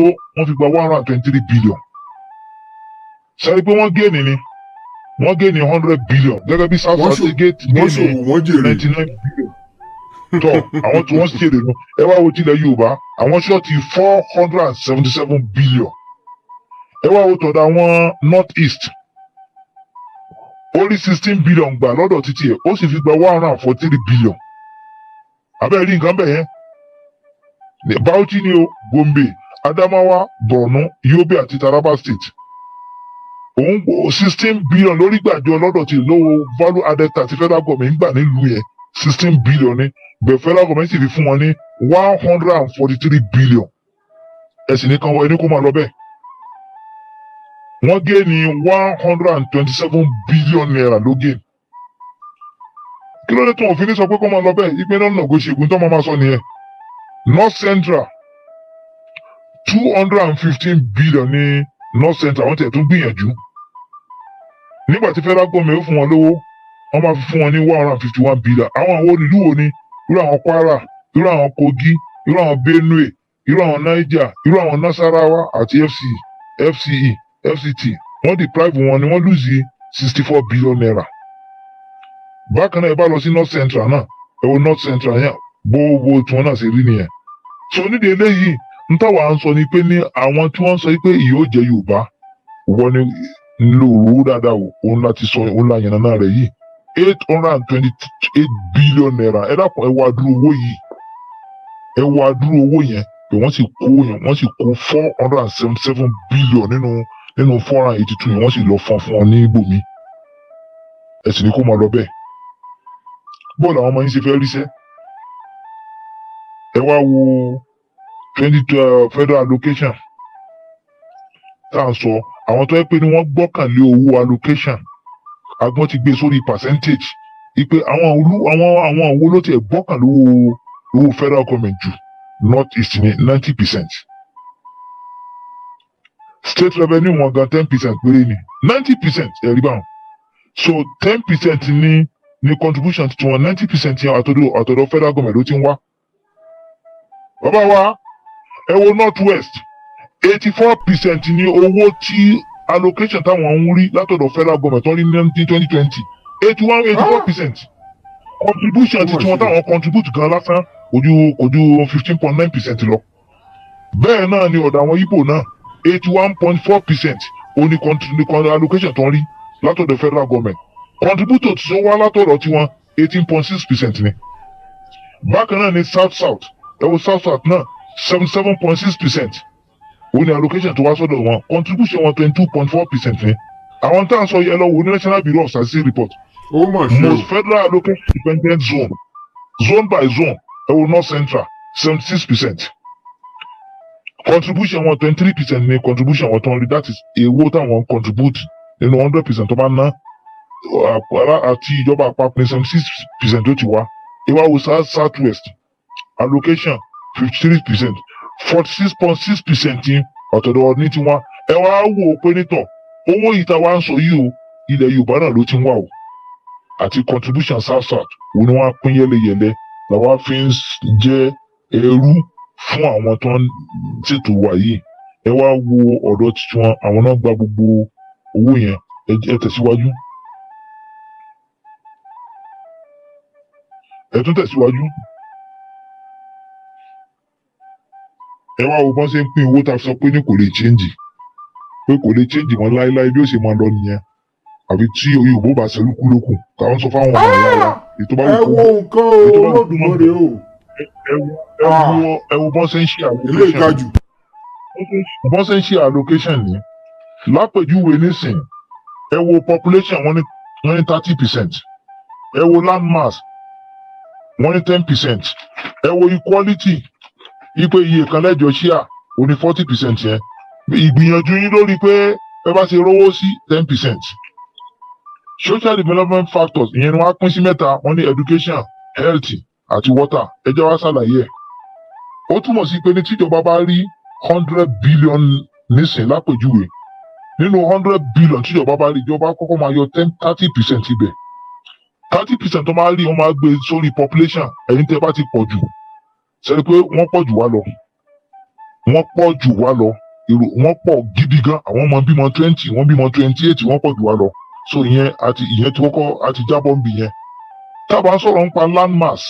tó wọ́n fi gba one hundred and twenty three billion sẹ́ni pé wọ́n gé ni ni wọ́n gé ni hundred billion gẹ́gẹ́ bí south africa gé ni ninety nine billion tọ́ àwọn tí wọ́n ṣe èrè nu ẹ wá wo tilẹ̀ yorùbá àwọn ṣọ́ọ̀tì four hundred and seventy seven billion ẹ wá wo tọ̀dọ̀ àwọn north east ó rí sixteen billion gbà lọ́dọ̀ títí ẹ̀ ó sì fi gba one hundred and forty three billion abẹ́rẹ́ rí nǹkan bẹ́ẹ̀ yẹn Bauchi ni o Gombe Adamawa, Borno, Yobe àti Taraba State. Òun gbò sixteen billion lórí gbàjọ lọ́dọ̀ tí lówó value added tax federal government gbà nílùú yẹn sixteen billion ni bẹ̀ federal government sì fi fún wọn ní one hundred and forty three billion. Ẹ̀sìn nìkan wọ ẹni kó máa lọ bẹ́ẹ̀. Wọ́n gé ní one hundred and twenty seven billion naira ló gé. Kí ló dé tó òfin ní sọ pé kó máa lọ bẹ́ẹ̀? Ìpínlẹ̀ ọ̀nà ògo ṣègùn tó máa máa sọ nìyẹn. North Central two hundred and fifteen billion ní north central wọ́n tẹ̀ tún gbìyànjú nígbà tí federal government ó fún wọn lówó wọ́n máa fi fún wọn ní one hundred and fifty one billion àwọn àwọn olùlú wo ni irú àwọn kwara irú àwọn kogi irú àwọn benue irú àwọn niger irú àwọn nasarawa àti fc fce fct wọ́n deprive wọn ni wọ́n lùzì sixty four billion naira bákan náà ẹ bá lọ sí north central náà ẹ wo north central yẹn gbogbo tí wọn náà ṣe rí nìyẹn so nídìí eléyìí n táwa ń sọ ni pé ní àwọn tí wọ́n ń sọ pé ìyóò jẹ́ Yorùbá wọ́n ní lò dáadáa òun láti sọ òun la yànnà náà yìí eight hundred and twenty eight billion naira ẹ dákun ẹ wá dúró owó yìí ẹ wá dúró owó yẹn pé wọ́n sì kó yẹn wọ́n sì kó four hundred and seventy seven billion nínú nínú four hundred and eighty two yẹn wọ́n sì lọ fún fún ọ ní ibòmí ẹ sì ní kó máa lọ bẹ́ẹ̀ bọ́ọ̀lù àwọn ọmọ yín ṣe fẹ́ ríṣẹ́ ẹ wá wo twenty twelve federal allocation tá à ń sọ àwọn tó yẹ pé ni wọ́n gbọ́kànlé owó allocation agbọ́n ti gbé sórí percentage ipe àwọn olú àwọn àwọn owó ló tiẹ̀ gbọ́kànlé owó owó federal government jù north east ní ninety percent state revenue wọn gan ten percent péré ni ninety percent ẹ̀rí báwọn so ten percent ní ní contribution tiwọn ninety percent yẹn àtọ̀dọ̀ àtọ̀dọ̀ federal government ló ti ń wá. bàbá wa ẹ wo north west eighty four percent ni owó tí allocation táwọn ń rí látọ̀dọ̀ federal government tó ń rí ní twenty twenty eighty one eighty four percent contribution ti tiwọn táwọn contribute gan lásán kò ju kò ju fifteen point nine percent lọ bẹ́ẹ̀ náà ni ọ̀dọ̀ àwọn Ìgbò náà eighty one point four percent òní allocation tó ń rí látọ̀dọ̀ federal government contributor tí ó wá látọ̀dọ̀ tiwọn eighteen point six percent ni bákan náà ni south south ẹ wo south south náà seventy-seven point six percent òun ni allocation to wá sọ́dọ̀ wọn contribution wọn twenty-two point four percent ni àwọn tá à ń sọ yẹn lọ wò ní national bureau of statistics report oh most federal allocation dependent zone zone by zone ẹ wo north central seventy-six percent contribution wọn twenty-three percent ni contribution wọn tó that is èwo táwọn contribute nínú hundred percent tó bá ná àti ìjọba àpapọ̀ ní seventy-six percent tó ti wá ìwà wo south south west allocation fifty three percent forty six point six percent ní ọ̀tọ̀dọ̀ ní tiwọn ẹ wá wò ó pé nítọ̀ owó ìta wa ń sọ yìí o ilẹ̀ yorùbá náà ló ti ń wà o àti contribution south-south wo ni wọ́n á pín yẹlẹyẹlẹ làwọn fi ń jẹ́ ẹrú fún àwọn tó ń ṣètò wà yìí ẹ wá wo ọ̀dọ̀ tiwọn àwọn náà gba gbogbo owó yẹn ẹ tẹ̀síwájú. ẹ tún tẹ̀síwájú. ẹ wá wo bọ́n ṣe ń pín owó tá sọ pé ní kò lè change pé kò lè change mọ́ láéláé bí ó ṣe máa lọ nìyẹn àbí tí oyè òbó bá ṣe lúkú káwọn sọ fáwọn ọmọ ìlànà ah! ètò bá wù kú ètò bá wù kú mọ́re o. ẹ wo ah! bọ́n ṣe ń ṣe allocation bọ́n ṣe ń ṣe allocation ni lápèjúwe nísìn ẹ wo population wọn ní wọ́n ní thirty percent ẹ wo land mass wọ́n ní ten percent ẹ wo equality wípé iye kan lẹ́jọ ṣíà ò ní forty percent yẹn ìgbìyànjú yín lórí pé ẹ bá ṣe rówó sí ten percent social development factors ìyẹn ni wọ́n á pín sí mẹ́ta wọ́n ní education health àti water ẹ jẹ́ wá ṣàlàyé ẹ̀ ó túmọ̀ sí pé ní tíjọba bá rí hundred billion nísìn lápèjúwe nínú hundred billion tíjọba bá rí ìjọba kọ́kọ́ máa yọ ten thirty percent ibẹ̀ thirty percent tó máa rí wọ́n máa gbé sórí population ẹ̀yin tẹ́ bá ti pọ̀ jù sẹ́ni pé wọ́n pọ̀ jù wá lọ wọ́n pọ̀ jù wá lọ èrò wọ́n pọ̀ gidi gan àwọn ọmọ bímọ twenty wọ́n bímọ twenty eight wọ́n pọ̀ jù wá lọ so ìyẹn àti ìyẹn tí wọ́n kọ́ àti jábọ̀ ń bì yẹn tábà sọ̀rọ̀ nípa landmass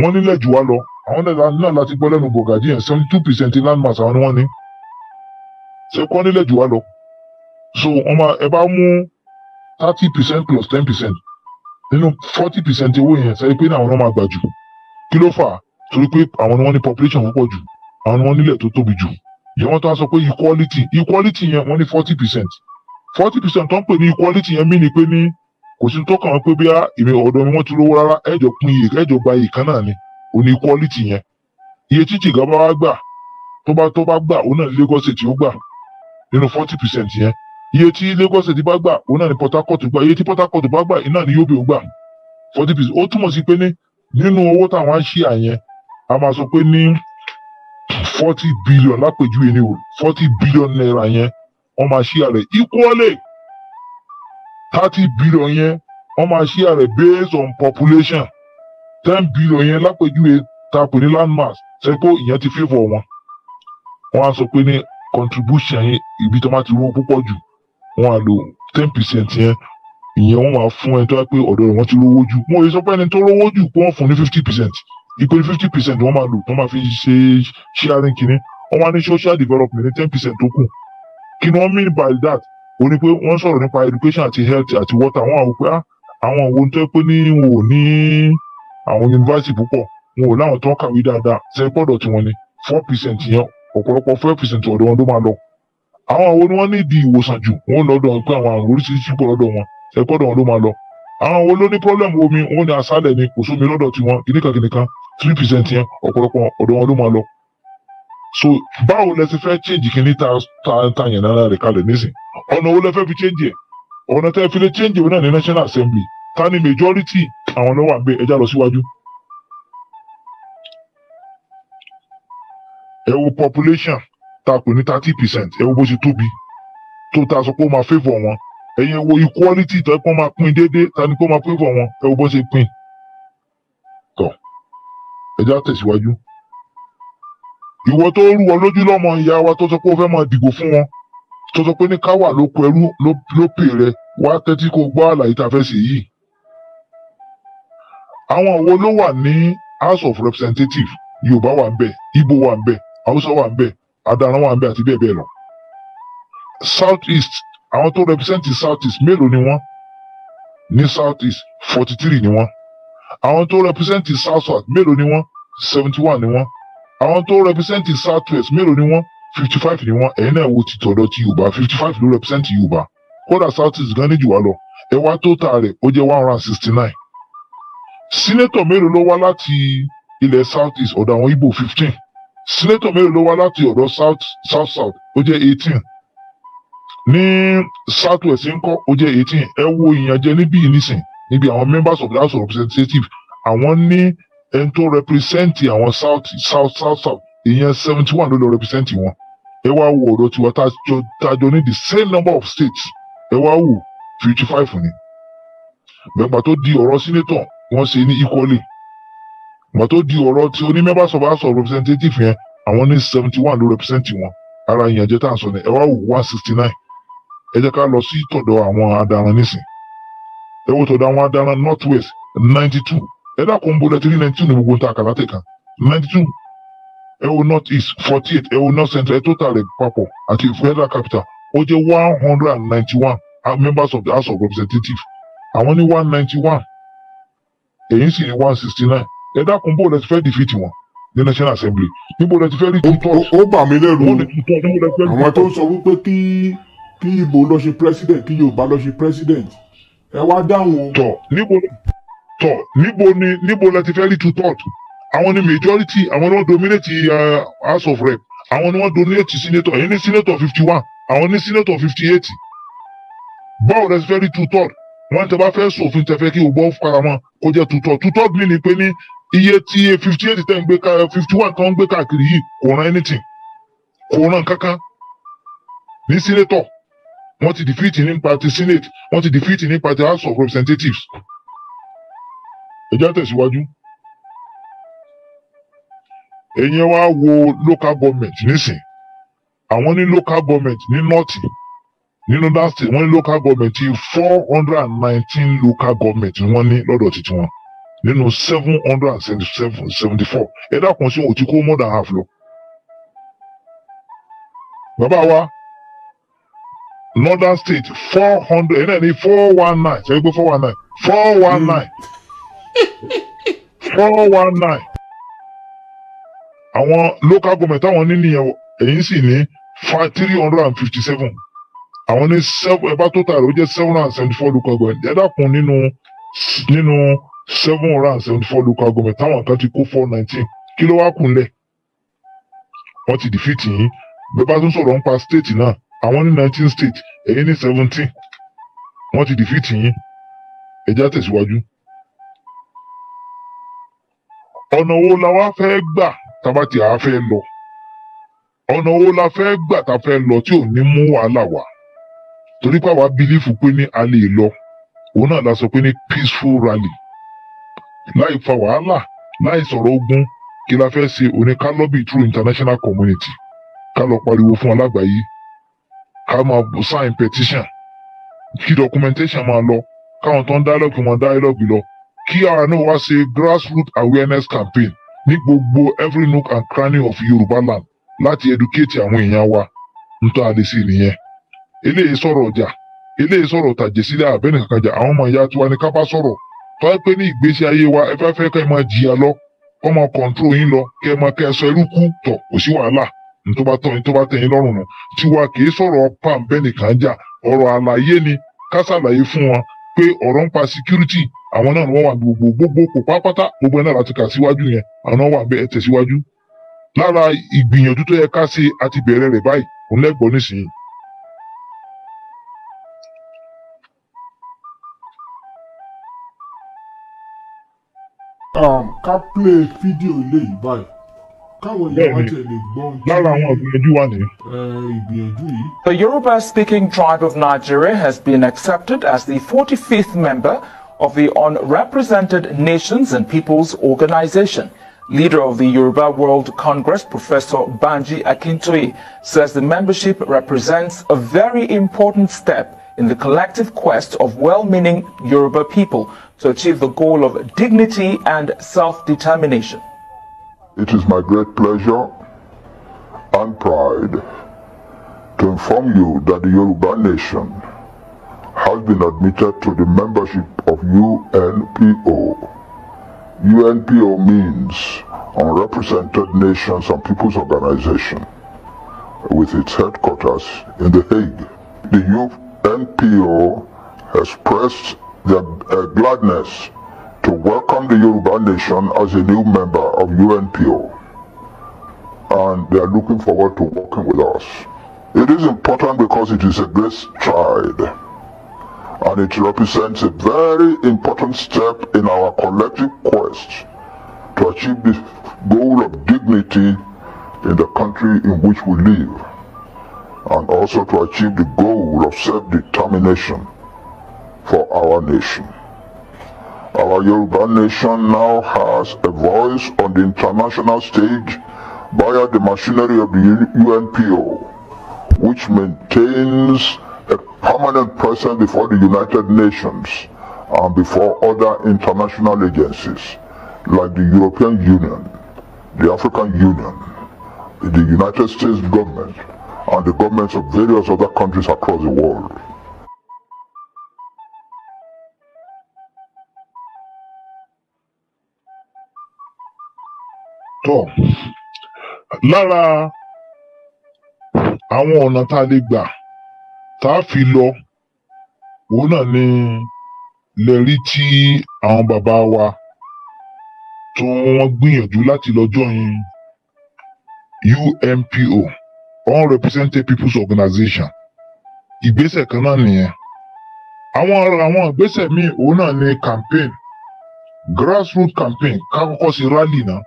wọ́n nílẹ̀ jù wá lọ àwọn náà láti gbọ́ lẹ́nu bọ̀gàdì yẹn seventy two percent landmass àwọn ni wọ́n ní sẹ́kọ́ nílẹ̀ jù wá lọ so wọ́n máa ẹ bá mú thirty percent plus ten percent nínú forty percent owó yẹn sẹ́ni pé náà wọ́n máa gbà jù kí ló fà á torí pé àwọn ni wọ́n ní population púpọ̀ jù àwọn ni wọ́n nílẹ̀ tó tóbi jù ìyẹn wọ́n tó wá sọ pé equality equality yẹn wọ́n ní forty percent forty percent tó ń pè ní equality yẹn mí ni pé ní kò sí tó kàn án pé bí ìmì ọ̀dọ́ mi wọ́n ti lówó rárá ẹ̀jọ̀ pín iye ẹ̀jọ̀ gba iye kan náà ni òun ni equality yẹn iye tí jìgá bá wá gbà tó bá tó bá gbà òun náà ní Lagos State ó gbà nínú forty percent yẹn iye tí Lagos State bá gbà òun náà ní Port Harcourt gbà iye tí Port Harcourt bá gbà iná ní Yobe ó gbà forty percent ó túmọ̀ sí pé ní nínú owó táwọn á ṣí àyẹn a máa sọ pé ní forty billion lápèjúwe ni o forty billion naira yẹn wọ́n máa ṣí àrẹ̀ equally thirty billion yẹn wọ́n máa ṣí àrẹ̀ based on population ten billion yẹn lápèjúwe tapò ní landmass ṣe pé ìyẹn ti favour wọn wọ́n á sọ pé ní contribution yẹn ibi tó máa ti rówó púpọ̀ jù wọ́n á lo ten percent yẹn ìyẹn wọ́n máa fún ẹni tó wá pé ọ̀dọ̀ rẹ̀ wọ́n ti rówó jù wọ́n yóò sọ pé ẹni tó rówó jù pé wọ́n fún ní fifty percent ìpele fifty percent wọ́n máa lò wọ́n máa fi ṣe sharing kínní wọ́n máa ní social development ten percent tó kù kí ni wọ́n mean by that ó ní pé wọ́n sọ̀rọ̀ nípa education àti health àti water wọ́n ah, àwọn pé àwọn òun tó pé ní wò ní àwọn yunifásitì púpọ̀ wọn ò láwọn tó ń kàwé dáadáa ṣe pọ̀dọ̀ tí wọ́n ní four percent yẹn ọ̀pọ̀lọpọ̀ four percent ọ̀dọ̀ wọn ló máa lọ àwọn àwọn ni wọ́n ní ìdí ìwòsàn jù wọ́n lọ́dọ̀ pé àwọn àrùn oríṣiríṣi pọ̀ lọ́dọ̀ wọn ṣe pọ̀dọ̀ wọn ló máa lọ àwọn wo ló ní pọ́blẹ́mù omi wọn ní aṣálẹ̀ ni kò sómi lọ́dọ̀ tiwọn kìnìkan kìnìkan three percent yẹn ọ̀pọ̀lọpọ̀ ọ̀dọ̀ wọn ló máa lọ. so báwo lẹ ti fẹ́ change kìíní ta ta ta yẹn náírà rẹ̀ kalẹ̀ nísìn ọ̀nà wo lẹ fẹ́ fi change ẹ̀ ọ̀nà tẹ́ fi lè change ẹ̀ náà ní national assembly ta ni majority àwọn náà wà ń bẹ ẹja lọ síwájú. ẹ wo population ta pè ní thirty percent ẹ wo bó ṣe tóbi tó ta sọ pé ó máa favour wọn ẹ̀yin wo equality tó kọ́ máa pín déédéé ta ni kó máa pín fọ̀ wọn ẹ wo bó ṣe pín tọ̀ ẹja tẹ̀síwájú. ìwọ tó rú wọn lójú lọ́mọ ìyá wa tó sọ pé ó fẹ́ máa dìgbò fún wọn tó sọ pé ní káwà ló kọ ẹrú ló pè rẹ wá tẹ́tí kó gbọ́ àlàyé tá a fẹ́ ṣe yìí. àwọn wo ló wà ní house of representatives yorùbá wà ń bẹ ìgbò wà ń bẹ haúsá wà ń bẹ adaran wà ń bẹ àti bẹ́ẹ̀ bẹ́ẹ̀ lọ south east àwọn tó represent south east mélòó ni wọ́n ní south east forty three ni wọ́n àwọn tó represent south south mélòó ni wọ́n seventy one ni wọ́n àwọn tó represent south west mélòó ni wọ́n fifty five ni wọ́n ẹ̀yin náà wo ti tọ̀dọ̀ ti yorùbá fifty five ló represent yorùbá kódà south east gan ní jù wá lọ ẹ wá total rẹ̀ ó jẹ́ one hundred and sixty nine sínétọ̀ mélòó ló wá láti ilẹ̀ south east ọ̀dọ̀ àwọn Ìgbò fifteen sínétọ̀ mélòó ló wá láti ọ̀dọ̀ south south south ó jẹ́ eighteen ní southwest ń kọ́ ó jẹ́ eighteen ẹ wo ìyànjẹ níbí nísìn níbi àwọn members of the house of representatives àwọn ní ẹni tó represent àwọn south south south south ìyẹn seventy one ló lọ represent wọn ẹ wá wo ọ̀dọ̀ tiwa tájọ ní the same number of states ẹ wá wo fifty five ni gbẹ̀gbà tó di ọ̀rọ̀ senator wọ́n ṣe ní equally gbà tó di ọ̀rọ̀ tí oní members of house of representatives yẹn àwọn ní seventy one ló represent wọn ara ìyànjẹ tá à ń sọ ni ẹ wá wo one sixty nine ẹ jẹ́ ká lọ sí tọ̀dọ̀ àwọn adaran nísìn ẹ wo tọ̀dọ̀ àwọn adaran north west ninety two ẹ dákun bo lẹ́tírì ninety two ní gbogbo nta àkàlàtẹ̀ kan ninety two ẹ wo north east forty eight ẹ wo north central ẹ total rẹ̀ papọ̀ àti federal capital ó jẹ́ one hundred and ninety one uh, members of the house of representatives àwọn ní one ninety one èyí sì ní one sixty nine ẹ dákun bo lẹ́tí fẹ́ defeat wọn ní national assembly níbo lẹ́tí fẹ́ rí two thirds. ó bà mí lẹ́rù àwọn tó ń sọ wípé kí kí Ìgbò lọ ṣe president kí Yorùbá lọ ṣe president ẹ wá dáhùn. tọ níbo tọ níbo ni níbo la ti fẹ́ rí two third àwọn ni majority àwọn ni wọ́n dominate uh, house of rep àwọn ni wọ́n dominate senator èyí ni senator fifty one àwọn ni senator fifty eight báwo la ti fẹ́ rí two third wọ́n tẹ bá fẹ́ ṣòfin tẹ fẹ́ kí gbogbo faramọ́ kó jẹ́ two third two third mi ni pé ní iye tí fifty eight tẹ̀ ń gbé ká fifty one kan ń gbé káàkiri yìí kò ran anything kò ran kankan ní senator wọ́n ti defeat nípa party senate wọ́n ti defeat nípa party house of representatives. ẹ já tẹ̀síwájú. ẹ̀yin wá wo local government nísìn àwọn ní local government ní north nínú that state wọ́n ní local government ti four hundred and nineteen local government wọ́n ní lọ́dọ̀ títí wọn nínú seven hundred and seventy-seven seventy-four ẹ̀dá kan sí òtí kó more than half lọ. bàbá wa northern state four hundred ẹ̀ náà ní four one nine ṣe é pé four one nine four one hmm. nine four one nine àwọn local government táwọn ní nìyẹn èyí sì ní three hundred and fifty seven àwọn ní seven ẹ total rẹ̀ ó jẹ́ seven hundred seventy four local government ẹ dákun nínú nínú seven hundred seventy four local government táwọn kan ti kó four nineteen kí ló wá kù ńlẹ̀ wọ́n ti defeat yín bẹ́ẹ̀ bá tún sọ̀rọ̀ nípa state náà àwọn ní nineteen states, ẹ̀yin ní seventeen wọ́n ti dìfìtì yín ẹ̀já tẹ̀síwájú. ọ̀nà wo la wá fẹ́ gbà tábà tí a fẹ́ lọ ọ̀nà wo la fẹ́ gbà tá a fẹ́ lọ tí ò ní mú wàhálà wá torí pé àwa bílífù pé ní a lè lọ òun náà la sọ pé ní peaceful rally láì fa wàhálà láì sọ̀rọ̀ ogun kí la fẹ́ ṣe oní ká lọ́bì through international community ká lọ pariwo fún alágbàáyé ká máa sign petition kí documentation máa lọ káwọn tó ń dialogue wọn dialogue lọ kí ara náà wá ṣe grassroots awareness campaign ní gbogbo every nook and cranny of yoruba land láti educate àwọn èèyàn wa n tó a lè ṣe nìyẹn eléyìí sọ̀rọ̀ ọjà eléyìí sọ̀rọ̀ tàjẹsílẹ̀ àbẹ́ni kankanjà àwọn ọmọ ìyá tiwa ní ká bá sọ̀rọ̀ tó wá pé ní ìgbésí ayé wa ẹ fẹ́ fẹ́ kẹ́ ẹ máa jìyà lọ kọ́ máa control yín lọ kẹ́ ẹ máa kẹ́ ẹ sọ ẹrú kú tọ̀ kò sí wàhálà ní tó bá tọ́ ní tó bá tẹ̀yìn lọ́rùn nù tiwa kì í sọ̀rọ̀ pàǹbẹ́ nìkan jà ọ̀rọ̀ àlàyé ni ká ṣàlàyé fún wọn pé ọ̀rọ̀ ń pa security àwọn náà ni wọ́n wà gbogbo gbogbo kò pápátá gbogbo ẹ̀ náà láti kà síwájú yẹn àwọn wà bẹ́ẹ̀ tẹ̀síwájú. lára ìgbìyànjú tó yẹ ká ṣe àti bẹ̀rẹ̀ rẹ̀ báyìí òun lẹ́gbọ̀ọ́ nísìnyí. Um, ká play fídíò ilé yìí báyìí. Eh, the Yoruba-speaking tribe of Nigeria has been accepted as the forty-fifth member of the Unrepresented Nations and Peoples Organization. Leader of the Yoruba World Congress, Professor Banji Akintoye, says the membership represents a very important step in the collective quest of well-meaning Yoruba people to achieve the goal of dignity and self-determination it is my great pleasure and pride to inform you that the Yoruba nation has been admitted to the membership of UNPO. UNPO means Unrepresented Nations and Peoples Organization with its headquarters in The Hague. The UNPO expressed their uh, gladness to welcome the Yoruba Nation as a new member of UNPO and they are looking forward to working with us. It is important because it is a great stride and it represents a very important step in our collective quest to achieve the goal of dignity in the country in which we live and also to achieve the goal of self-determination for our nation. Our Yoruba nation now has a voice on the international stage via the machinery of the UNPO, which maintains a permanent presence before the United Nations and before other international agencies like the European Union, the African Union, the United States government, and the governments of various other countries across the world. tọ̀ lára àwọn ọ̀nà tá a lè gbà tá a fi lọ òun náà ni lè rí tí àwọn bàbá wa tó wọ́n gbìyànjú láti lọ́jọ́ yẹn UMPO Unrepresented People's Organization ìgbésẹ̀ kan náà nìyẹn àwọn àwọn ìgbésẹ̀ míì òun náà ni campaign grassroots campaign ká kọ́kọ́ sí rally náà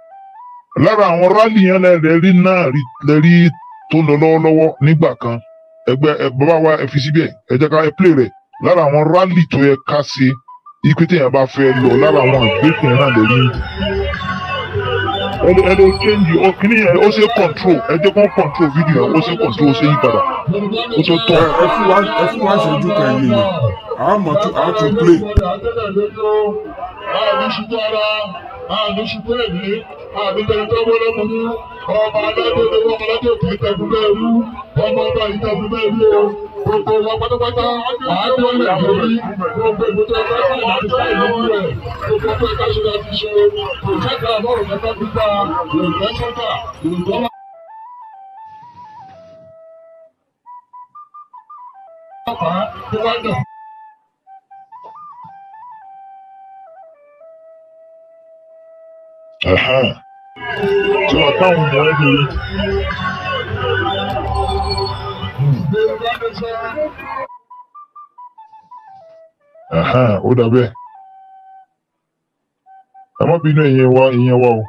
lára àwọn rálì yẹn lẹ́rí náà lẹ́rí tó lọ lọ́wọ́lọ́wọ́ nígbà kan ẹgbẹ́ bàbá wa ẹ fi síbẹ̀ ẹ jẹ́ ká ẹ play rẹ̀ lára àwọn rálì tó yẹ ká ṣe ikú téèyàn bá fẹ́ lọ lára àwọn àgbẹ̀kùn náà lẹ́rí ẹ lọ change ọ kìíní yẹn ó ṣe control ẹ jẹ́ kán control video yẹn ó ṣe control ó ṣe yí padà ó ṣe tọ́. ẹ fún wa ṣojú kan yìí ni àmọ́ àtúntò play àmì ṣubú ara àmì ṣubú ẹ̀mí àmì tẹ̀lifẹ̀ wọlọ́mùnú ọmọ aládéèdè wọn aládé òkè tẹ̀gùn bẹ́ẹ̀ rú ọmọ ọba yìí tẹ̀gùn bẹ́ẹ̀ rú o gbogbo wọn pátápátá àádọ́ ilẹ̀ àkórí gbogbo ìgbésẹ̀ ọgbẹ́ fún àti fún ìlú rẹ̀ gbogbo ọgbẹ́ káṣí la fi ṣe òṣèkà àbọ̀rọ̀ mẹ́ta gbígbà òǹkẹ́ sọ́kà òǹkọ́ Bye. tí wọ́n táwọn ọmọ ẹ bí. Hmm. ó dàbẹ́ ẹ má bínú ìyẹn wa ìyẹn wa o.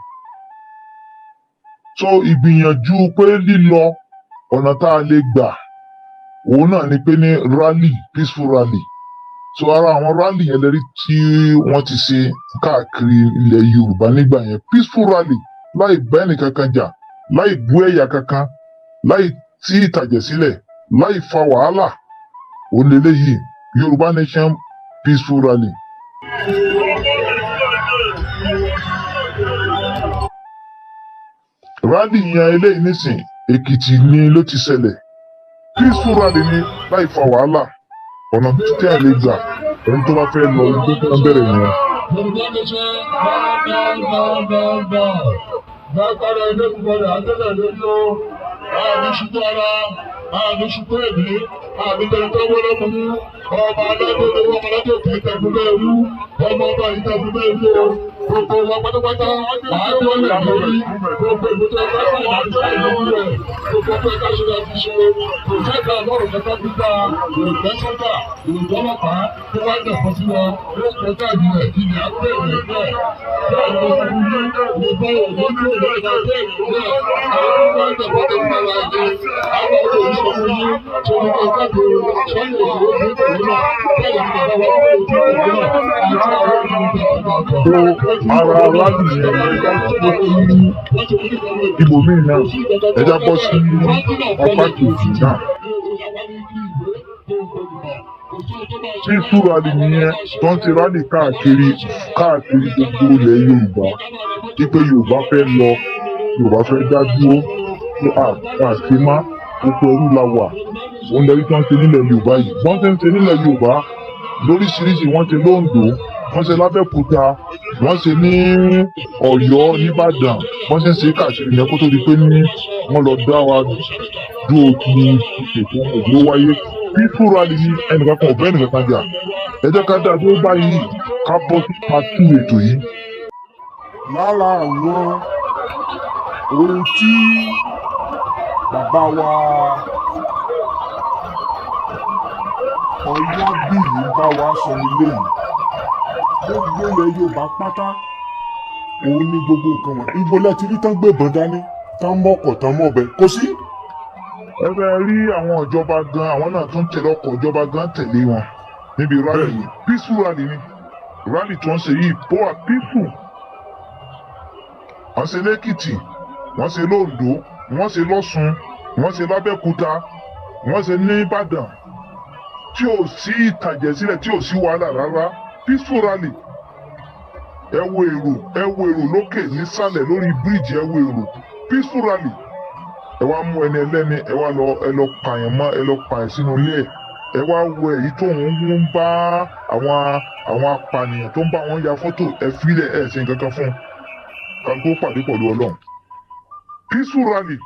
so ìgbìyànjú pé lílọ ona tá a lè òun náà ni pé ní rally peaceful rally so ara àwọn rally yẹn lẹ́rí tí wọ́n ti ṣe káàkiri ilẹ̀ Yorùbá nígbà yẹn peaceful rally láì bá ẹnì kankan jà láì bú ẹ̀yà kankan láì tí ìtàjẹ̀ sílẹ̀ láì fa wàhálà òun lélẹ́yìí Yorùbá nation peaceful rally. rally yan eléyìí nísìn Èkìtì ni ló ti ṣẹlẹ̀ peaceful rally ni láì fa wàhálà ọ̀nà tí a lè gbà ẹni tó bá fẹ́ lọ ibi tó ń bẹ̀rẹ̀ yẹn. yorùbá mi ṣe gbàgbàgbàgbà gbàgbàrà ẹlẹ́gbẹ̀rẹ̀ àtẹ́lẹ̀ ló àmì ṣubú ara àmì ṣubú ẹ̀mí àmì tẹ̀lifẹ̀ wọlé mọ́mú ọba alágbèrè wọn alágbèrè tẹ̀gbẹ́ ẹ̀rú ọmọ ọba ìtẹ̀gbẹ́ ẹ̀rú gbogbo wa pátápátá máa tó lè lórí gbogbo ìlú tó ẹgbẹ́ fún ìlànà tó lè lórí rẹ̀ gbogbo tó ẹgbẹ́ ṣe láti ṣe pòtẹ́tà lọ́rùn kẹta gbígbà ìrògbẹ́ sọ́tà ìrògbẹ́ ọlọ́pàá tó wá dẹ̀kọ́ sí wa ó kọ́ káàdì rẹ̀ kí ni àpẹ́ rẹ̀ bẹ́ẹ̀ bẹ́ẹ̀ ló ń rí gbogbo òwò tó lè lọ́ta bẹ́ẹ̀ lọ́wọ́ àwọn tó wá dẹ̀kọ́ tó ń bá wa dé àwọn tó ń sọ fún yín tó ń bá káàdì sọ́yìn òwò tó ń bá wa dé bẹ́ẹ̀ ló ń bá wa dé ara aládìyẹ ló sí ibòmíì náà ẹja bọ́ sí apá kejì náà. Tí ìsúralì nìyẹn tó ń ṣe rálì káàkiri káàkiri gbogbo ilẹ̀ Yorùbá wípé Yorùbá fẹ́ lọ Yorùbá fẹ́ dá dúró pé àṣemá oko ẹrú la wà òun lẹ́yìn tó ń ṣe nílẹ̀ Yorùbá yìí wọ́n ti ń ṣe nílẹ̀ Yorùbá lóríṣiríṣi wọ́n ti lóńdó wọ́n ṣe lábẹ́òkúta wọ́n ṣe ní ọ̀yọ́ nìbàdàn wọ́n ṣe ń ṣe káàkiri yẹn kó tó di pé ní wọ́n lọ dá wa dúró ní ètò òdúró wáyé pífúrali ní ẹnìkan kan ọ̀bẹ ẹnìkan kan jà ẹ jẹ́ ká dá dúró báyìí ká bọ́ sí pàtó ètò yìí. lára àwọn ohun tí bàbá wa ọlá bíyì bá wa sọ nílé yìí gbogbo ilẹ̀ Yorùbá pátá òun ní gbogbo nǹkan wọn ibo lẹ ti rí tán gbébọn dání tán mọ̀kọ̀ tán mọ̀bẹ kò sí. ẹ bẹ rí àwọn ìjọba gan àwọn náà tó ń tẹ̀lé ọkọ̀ ìjọba gan tẹ̀lé wọn níbi rally yìí peaceful rally ni rally tó ń ṣe yìí poa peaceful wọ́n ṣe lẹ́kìtì wọ́n ṣe lóńdó wọ́n ṣe lọ́sùn wọ́n ṣe lábẹ́kúta wọ́n ṣe ní ìbàdàn tí ò sí ìtàjẹ̀sílẹ̀ tí ò sí wàhálà rárá peaceful rally ẹ wo èrò ẹ wo èrò lókè nísàlẹ̀ lórí bíríìjì ẹ wo èrò peaceful rally ẹ wá mú ẹni ẹlẹ́ni ẹ wá lọ ẹ lọ pààyàn mọ́ ẹ lọ pààyàn sínú ilé ẹ ẹ wá wo èyí tó ń ń bá àwọn àwọn apànìyàn tó ń bá wọn ya fọ́tò ẹ filẹ̀ ẹ ṣe nǹkan kan fún un kí n tó pàdé pẹ̀lú ọlọ́run peaceful rally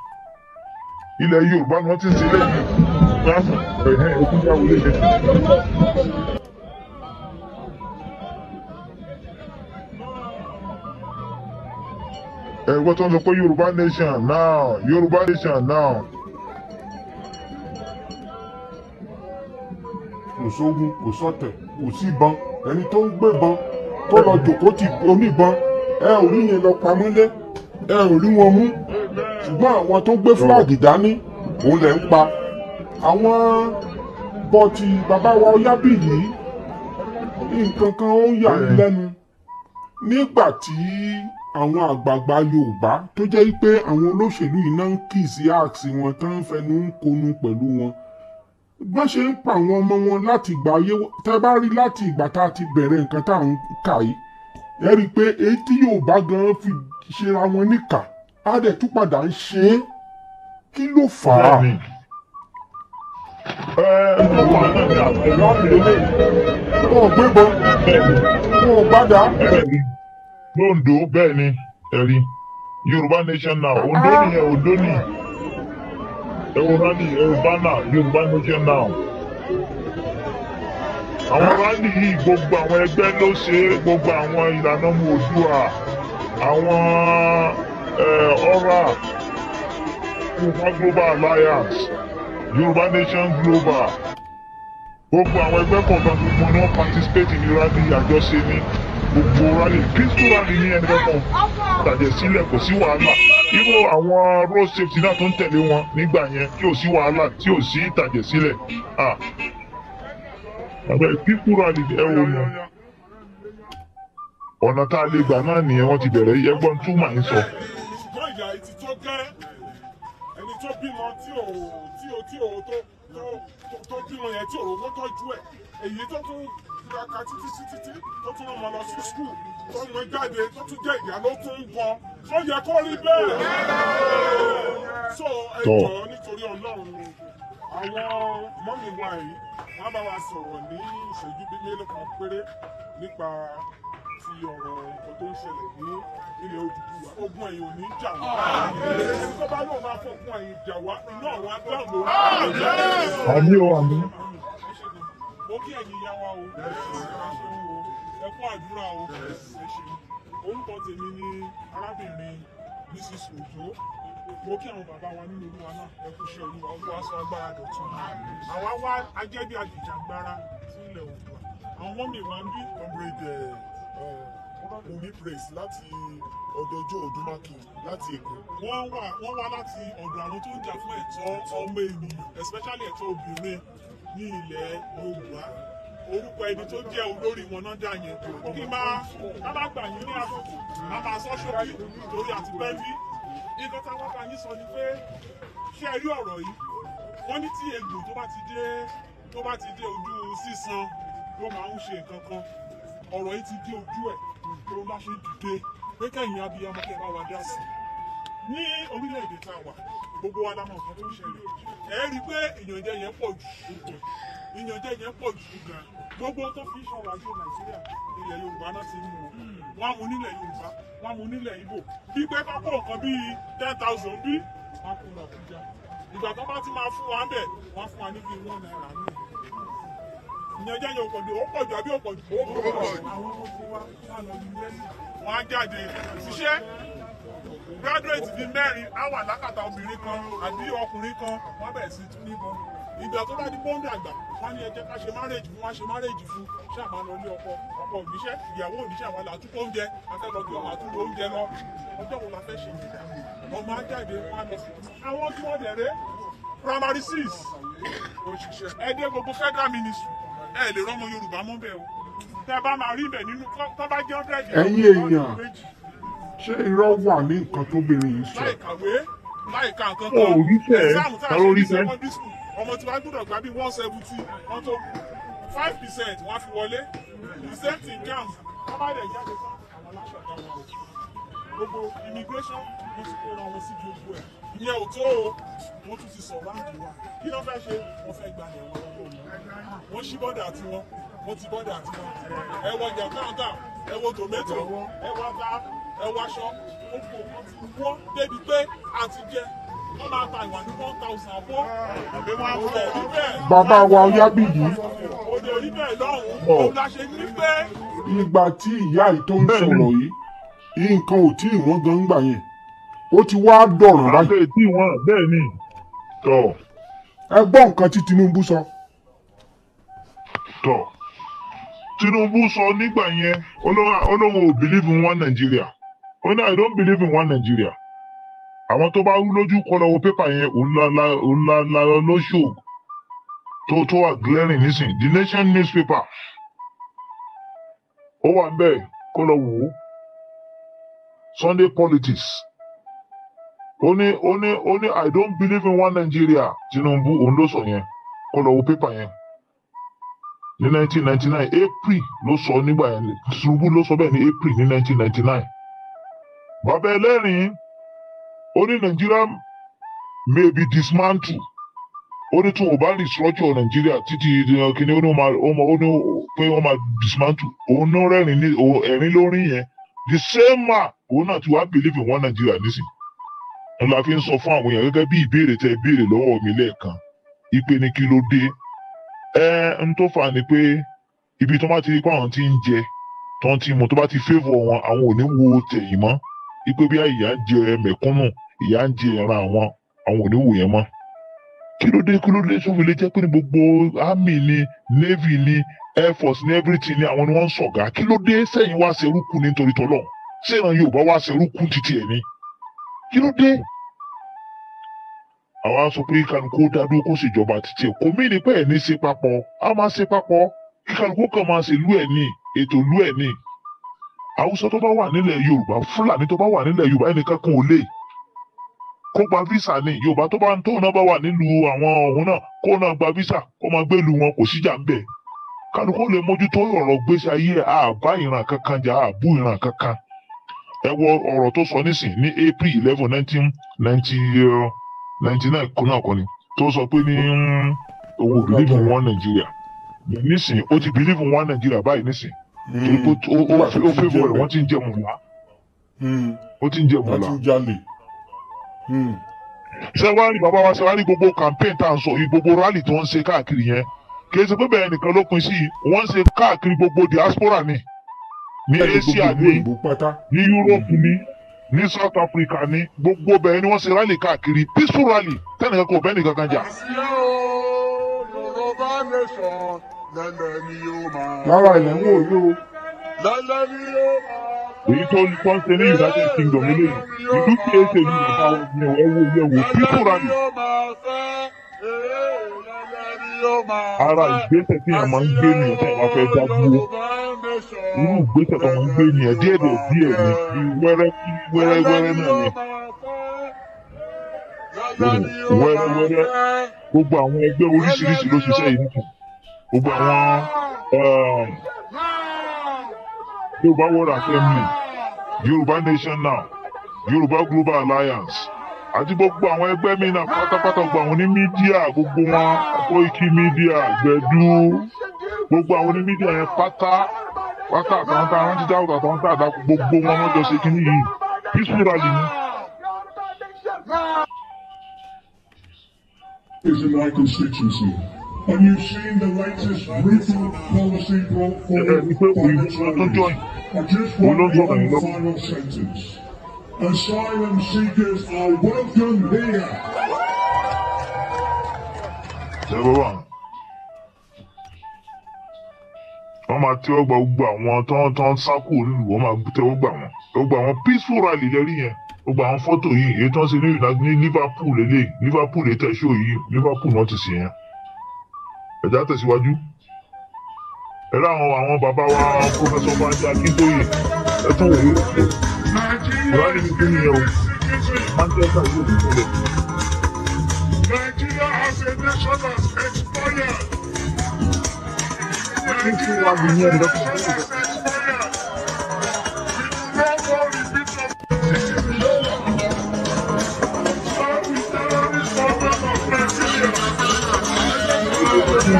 ilẹ̀ yorùbá ni wọ́n ti ń ṣe lẹ́yìn ọkùnrin àwòlé ṣe. ẹgbẹ́ tó ń sọ pé Yorùbá nation now Yorùbá nation now. kò sógun kò sọ̀tẹ̀ kò sí ìbọn ẹni tó ń gbébọn tó lọ jòkó ti oníbọn ẹ ò rí yẹn lọ pamọ́lé ẹ ò rí wọn mú ṣùgbọ́n àwọn tó gbé fúlàgì dání òun lẹ̀ ń pa àwọn bọ́ọ̀tì bàbá wa Ọ̀yábí yìí nǹkan kan ó yà ní lẹ́nu nígbà tí àwọn àgbààgbà yorùbá tó jẹ́ pé àwọn olóṣèlú yìí náà ń kì sí àksì wọn tó ń fẹnu ń konu pẹ̀lú wọn bọ́n ṣe ń pa àwọn ọmọ wọn láti ìgbà ayé tẹ́ bá rí láti ìgbà tá a ti bẹ̀rẹ̀ nǹkan tá à ń kà yìí ẹ rí i pé èyí tí yorùbá gan fi ṣera wọn níkà á dẹ̀ tún padà ń ṣe é kí ló fà á. ẹ ẹ ọmọ náà ní àbẹ̀rẹ̀ ọ̀hún lélẹ̀. wọn ò gbébọn wọn ò gbádàá. lóńdó bẹ́ẹ̀ ni ẹ̀rí yorùbá nation now ondo ah. ni ẹ ondo ni ẹwọ rani ẹwọ bánà yorùbá nation now àwọn rani yìí gbogbo àwọn ẹgbẹ́ ló ṣe gbogbo àwọn ìlànà ọmọ òdua àwọn ọ̀rà yorùbá global alliance yorùbá nation global gbogbo àwọn ẹgbẹ́ kọ̀ọ̀kan gbogbo náà participate in rani àjọṣe ni. gbogbo rally peaceful rally ní ẹni kankan tàjẹ̀ sílẹ̀ kò sí wàhálà irú àwọn road safety náà tó ń tẹ̀lé wọn nígbà yẹn tí ò sí wàhálà tí ò sí ìtàjẹ̀ sílẹ̀ àgbẹ̀ peaceful rally ẹ wò yẹn ọ̀nà tá a lè gbà náà nìyẹn wọ́n ti bẹ̀rẹ̀ ẹgbọ́n túmọ̀ ń sọ tó bímọ yẹn tí ò rówó ẹ̀ èyí tó tún túraká títí títí tí tó tún ọmọ lọ sí skul tó mọ jáde tó tún jẹ ìyá ló tún ń bọ ó yẹ kó rí bẹ́ẹ̀. so ẹ jọ̀ọ́ nítorí ọlọ́run àwọn mọ́mí yìí wọ́n bá wa sọ̀rọ̀ ní ìṣẹ́jú bíi mélòó kan péré nípa ti ọ̀rọ̀ nǹkan tó ń ṣẹlẹ̀ ní ilẹ̀ Odùduwà ogun ẹ̀yìn ò ní jà wá. ẹni tó bá lóun máa fọ́ ogun ẹ̀yìn jà wá iná àwọn agbáwo. àmì o àmì mo kí ẹ̀yin ìyá wa o ẹ kú àdúrà o ẹ ṣe orúkọ tèmi ni arábìnrin Mrs. Ojo mo kí àwọn bàbá wa nínú olúwa náà ẹ kú iṣẹ́ olúwa olúwa sọ agbára dọ̀tun àwa wá ajẹ́bí àjìjàgbara fún ilẹ̀ Oòduà àwọn mọ́mì wa ń bí comrade Wumi Praise láti ọ̀dọ̀jọ́ Òdùmákì láti Èkó. Wọ́n wá láti ọ̀dọ̀ àwọn tó ń jà fún ẹ̀tọ́ ọmọ ènìyàn especially ẹ̀tọ́ obìnrin ní ilẹ̀ Yorùbá orúkọ ẹni tó jẹ́ olórí wọn náà dà yẹn kí máa bábá yín ní àkókò a máa sọ ṣókí torí àti pẹ́ bí nǹkan táwọn bá yín sọ ni pé ṣé ẹ rí ọ̀rọ̀ yìí wọ́n ní tí egbò tó bá ti dé tó bá ti dé ojú sísan ló máa ń ṣe nǹkan kan ọ̀rọ̀ yìí ti dé ojú ẹ̀ tó bá ṣe dìde pé kẹ́yìn abiyamọ kẹ́ bá wa dá sí ní orílẹ̀-èdè tá a wà gbogbo wa dámọ̀ nǹkan tó ń ṣẹlẹ̀ ẹ rí i pé ìyànjẹ yẹn pọ̀ jù ìyànjẹ yẹn pọ̀ jù gan gbogbo tó fi ṣọ̀rọ̀ ajé nàìjíríà ilẹ̀ yorùbá náà ti mú wọn mú nílẹ̀ yorùbá wọn mú nílẹ̀ ibo bí pé ká kó nǹkan bíi ten thousand bí wọn kó lọ kújà ìgbà tó bá ti máa fún wa ń bẹ̀ wọn fún wa ní bíi one naira ní ìyànjẹ yẹn pọ̀ jù ó pọ̀ jù àbí ó pọ̀ jù ó pọ̀ jù àwọn ọmọ fún wa wọn lọ yunifásitì wọn graduate bíi mẹ́rin á wà lákàtà obìnrin kan àbí ọkùnrin kan wọ́n bẹ̀rẹ̀ sí tún níbọn ìgbà tó bá di bọ́ńdù àgbà wọ́n ní ẹ ká ṣe márèjì fún wá ṣe márèjì fún ṣàmánà ilé ọkọ ọkọ òníṣẹ́ ìyàwó òníṣẹ́ àwọn àtúkọ oúnjẹ akẹ́kọ̀ọ́ ọmọ àtúkọ oúnjẹ lọ ọjọ́ wo la fẹ́ ṣe ọmọ ajáde wọn lọ àwọn tí wọ́n dẹ̀rẹ́ primary six òṣìṣẹ́ ẹdẹ gbogbo federal ministry ẹ lè rọ́mọ Yorùbá mọ́ bẹ́ẹ̀ o tẹ bá máa rí ibẹ̀ nínú tó bá jẹ́ ọ̀dẹ́ẹ̀dì ẹ̀yìn èèyàn ṣé irọ́ wà ní nǹkan tóbìnrin yìí sọ. láìkàwé láìka nǹkan kan exam tá a ṣe ọmọ tí wàá gbọ́dọ̀ gbà bí one seventy wọn tó five percent wọn fi wọlé the same thing jam wọn bá dẹ̀ jáde fún àwọn aláṣàdá wọn gbogbo immigration ló ti kó ra wọn sí gbogbo ẹ̀ ìyẹn ò tó o wọn tún ti sọ̀rọ̀ àǹdí wa kí ló fẹ́ ṣe wọn fẹ́ gba ẹ̀wọ̀n lọ́wọ́ wọn wọ́n ṣí bọ́dà tiwọn wọ́n ti bọ́dà tiwọn ẹ̀wọ̀n jàǹkàǹkà ẹ̀wọ̀n tòmẹ́tò ẹ̀wọ̀n ata ẹ̀wọ̀ aṣọ gbogbo nǹkan ti wọ́n débi pé àti jẹ wọ́n máa ta ìwà ní one thousand àbọ̀ àbí wọ́n á fọ̀ ọ́ bẹ́ẹ̀. bàbá wa ọyá bìyí. òde orí bẹ́ẹ̀ lọ́hùn-ún òun la ṣe ní pé. ìgbà tí ìyá yìí tó ń sọ̀rọ̀ yìí nǹkan ò tí ì wọ́n gan gbà yẹn ó ti wá dọ̀rùn báyìí. àbẹ̀ tí wọ́n bẹ́ẹ̀ ni tọ̀. ẹ gbọ́ nǹkan tí Tinubu sọ. tọ̀ Tinubu sọ nígbà yẹn olóhùn ò bìlíìfù wọn Nàìjíríà ó ní i don't believe in one Nigeria àwọn tó bá rú lójú kọ lọ wo pépà yẹn òǹlàlà lóṣù tó tó wà glaring nísìn the nation newspaper ó wà ń bẹ́ẹ̀ kó lọ Sunday politics ó ní ó ní ó ní i don't believe in one Nigeria Tinubu òun ló sọ yẹn kó lọ wo pépà yẹn ní nineteen ninety nine April ló sọ nígbà yẹn Tinubu ló sọ bẹ́ẹ̀ ní April ní 1999 bàbá ẹlẹ́rìn ó ní nàìjíríà may be dismantled ó ní tí wọn bá restructure nàìjíríà títí kíní ó ní pé wọn máa dismantle òun náà rẹ́rìn ní ẹ̀rín ló yẹn the same man òun náà ti wá believe in one Nigeria. nísìn n la fi ń sọ fún àwọn èèyàn gẹ́gẹ́ bí ìbéèrè tẹ ìbéèrè lọ́wọ́ mi lẹ́ẹ̀kan ìpè ní kí ló dé ẹ ń tó fà ni pé ibi tó bá ti rí pé àwọn ti ń jẹ tó ń ti mọ̀ tó bá ti favour wọn àwọn ò ní wo tẹ̀yìn mọ́ ipe bí ìyá ń jẹ mẹ̀kúnnù ìyá ń jẹ ẹran àwọn àwọn oníwò yẹn mọ́ kí ló dé kí ló dé tó lè jẹ́ pé ní gbogbo army ni navy ni air force ni everything ni àwọn ni wọ́n ń sọ̀gá kí ló dé sẹ́yìn wá serúkú nítorí tọ́lọ̀ sẹ́yìn Yorùbá wá serúkú títí ẹ̀ ni kí ló dé àwa sọ pé kálukú dádúró kó ṣèjọba títí ẹ̀ kò mí ní pé ẹ̀ ní ṣe papọ̀ a máa ṣe papọ̀ kí kálukú kan máa ṣèlú ẹ̀ ní ètò ìlú ẹ̀ ní haúsá tó bá wà nílẹ̀ yorùbá fúlàní tó bá wà nílẹ̀ yorùbá ẹnìkan kan ò lè kó gba visa ni yorùbá tó bá ń tó náà bá wà nílùú àwọn ọ̀hún náà kó náà gba visa kó máa gbélùú wọn kò síjà ń bẹ̀ kálukú lè mójútó ọ̀rọ̀ gbèsè ayé ẹ̀ àbá ìran kankan jà àbú ìran kankan ẹ wọ ọ̀rọ̀ tó sọ nísìn ní april eleven nineteen ninety ninety nine kó náà kọ́ni tó sọ pé ní owó believe in one nigeria nísìn ó ti believe in one nigeria báyìí nísìn Hmm. torí pé ó fẹ́fọ̀ rẹ̀ wọ́n ti ń jẹ mùlá wọ́n hmm. ti ń jẹ mùlá. wọ́n ti ń jalè. sẹ́wárì hmm. bàbá wa sẹ́wárì gbogbo campaign tá à ń sọ yìí gbogbo rally tó ń ṣe káàkiri yẹn kì í ṣe pé bẹ́ẹ̀ nìkan ló pin sí i wọ́n ń ṣe káàkiri gbogbo diaspora ni ní Asia ni ní Europe ni ní South Africa ni gbogbo bẹ́ẹ̀ ni wọ́n ṣe rally káàkiri peaceful rally tẹ́nìkan kò bẹ́ẹ̀ nìkan kan jà. àṣìlò Yorùbá nation lẹ́lẹ́ ni yóò máa. lára ilẹ̀ ń wò yó. lẹ́lẹ́ ni yóò máa. èyí tó ní kọ́ ṣe ní united kingdom eléyìí ìlú tí èyí ṣe ní ìjọba ọ̀gbìn ẹ̀wọ̀ ẹ̀wọ̀ pípọ̀ rà ní. ara ìgbésẹ̀ tí èèyàn máa ń gbé nìyẹn tí èèyàn fẹ́ dá dúró irú ìgbésẹ̀ tó máa ń gbé nìyẹn díẹ̀ díẹ̀ díẹ̀ ní wẹ́rẹ́ wẹ́rẹ́ wẹ́rẹ́ náà ni wẹ́rẹ́ wẹ́rẹ́ gbogbo àwọn ẹgbẹ́ oríṣiríṣi ló ṣiṣẹ́ yìí nìkan gbogbo àwọn eh, Yorùbá World Academy Yorùbá Nation Now Yorùbá Global Alliance àti gbogbo àwọn ẹgbẹ́ mi náà pátápátá gbogbo àwọn onímídíà gbogbo wọn Koiki mídíà gbẹdú gbogbo àwọn onímídíà yẹn pátá pátá àtàwọn tá a rántí dáwọ́ àtàwọn tá a dá gbogbo wọn wọn jọ ṣe kínní yìí peaceful rally ni. is in my constituency. Have you seen the latest brutal policy brought forward by the Chinese. I just want one final sentence. Asylum seekers are welcome here. Number one. wọ́n máa tẹ́wọ́ gba gbogbo àwọn tán tán sá kúrò nílùú wọ́n máa tẹ́wọ́ gbà wọ́n gbogbo àwọn peaceful rally lẹ́rí yẹn gbogbo àwọn fọ́tò yìí èyí tó ń ṣe ní Liverpool lélẹ́yìn Liverpool lè tẹ̀ ṣó yìí Liverpool náà ti ṣe yẹn ẹ̀já tẹ̀síwájú. ẹ láwọn àwọn bàbá wa pọfẹsọ Banji Akíntóyè ẹ tún wò ó kúránì mi kí nìyẹn o Manchester yóò fi sílẹ̀. Nigeria has a nation has sọ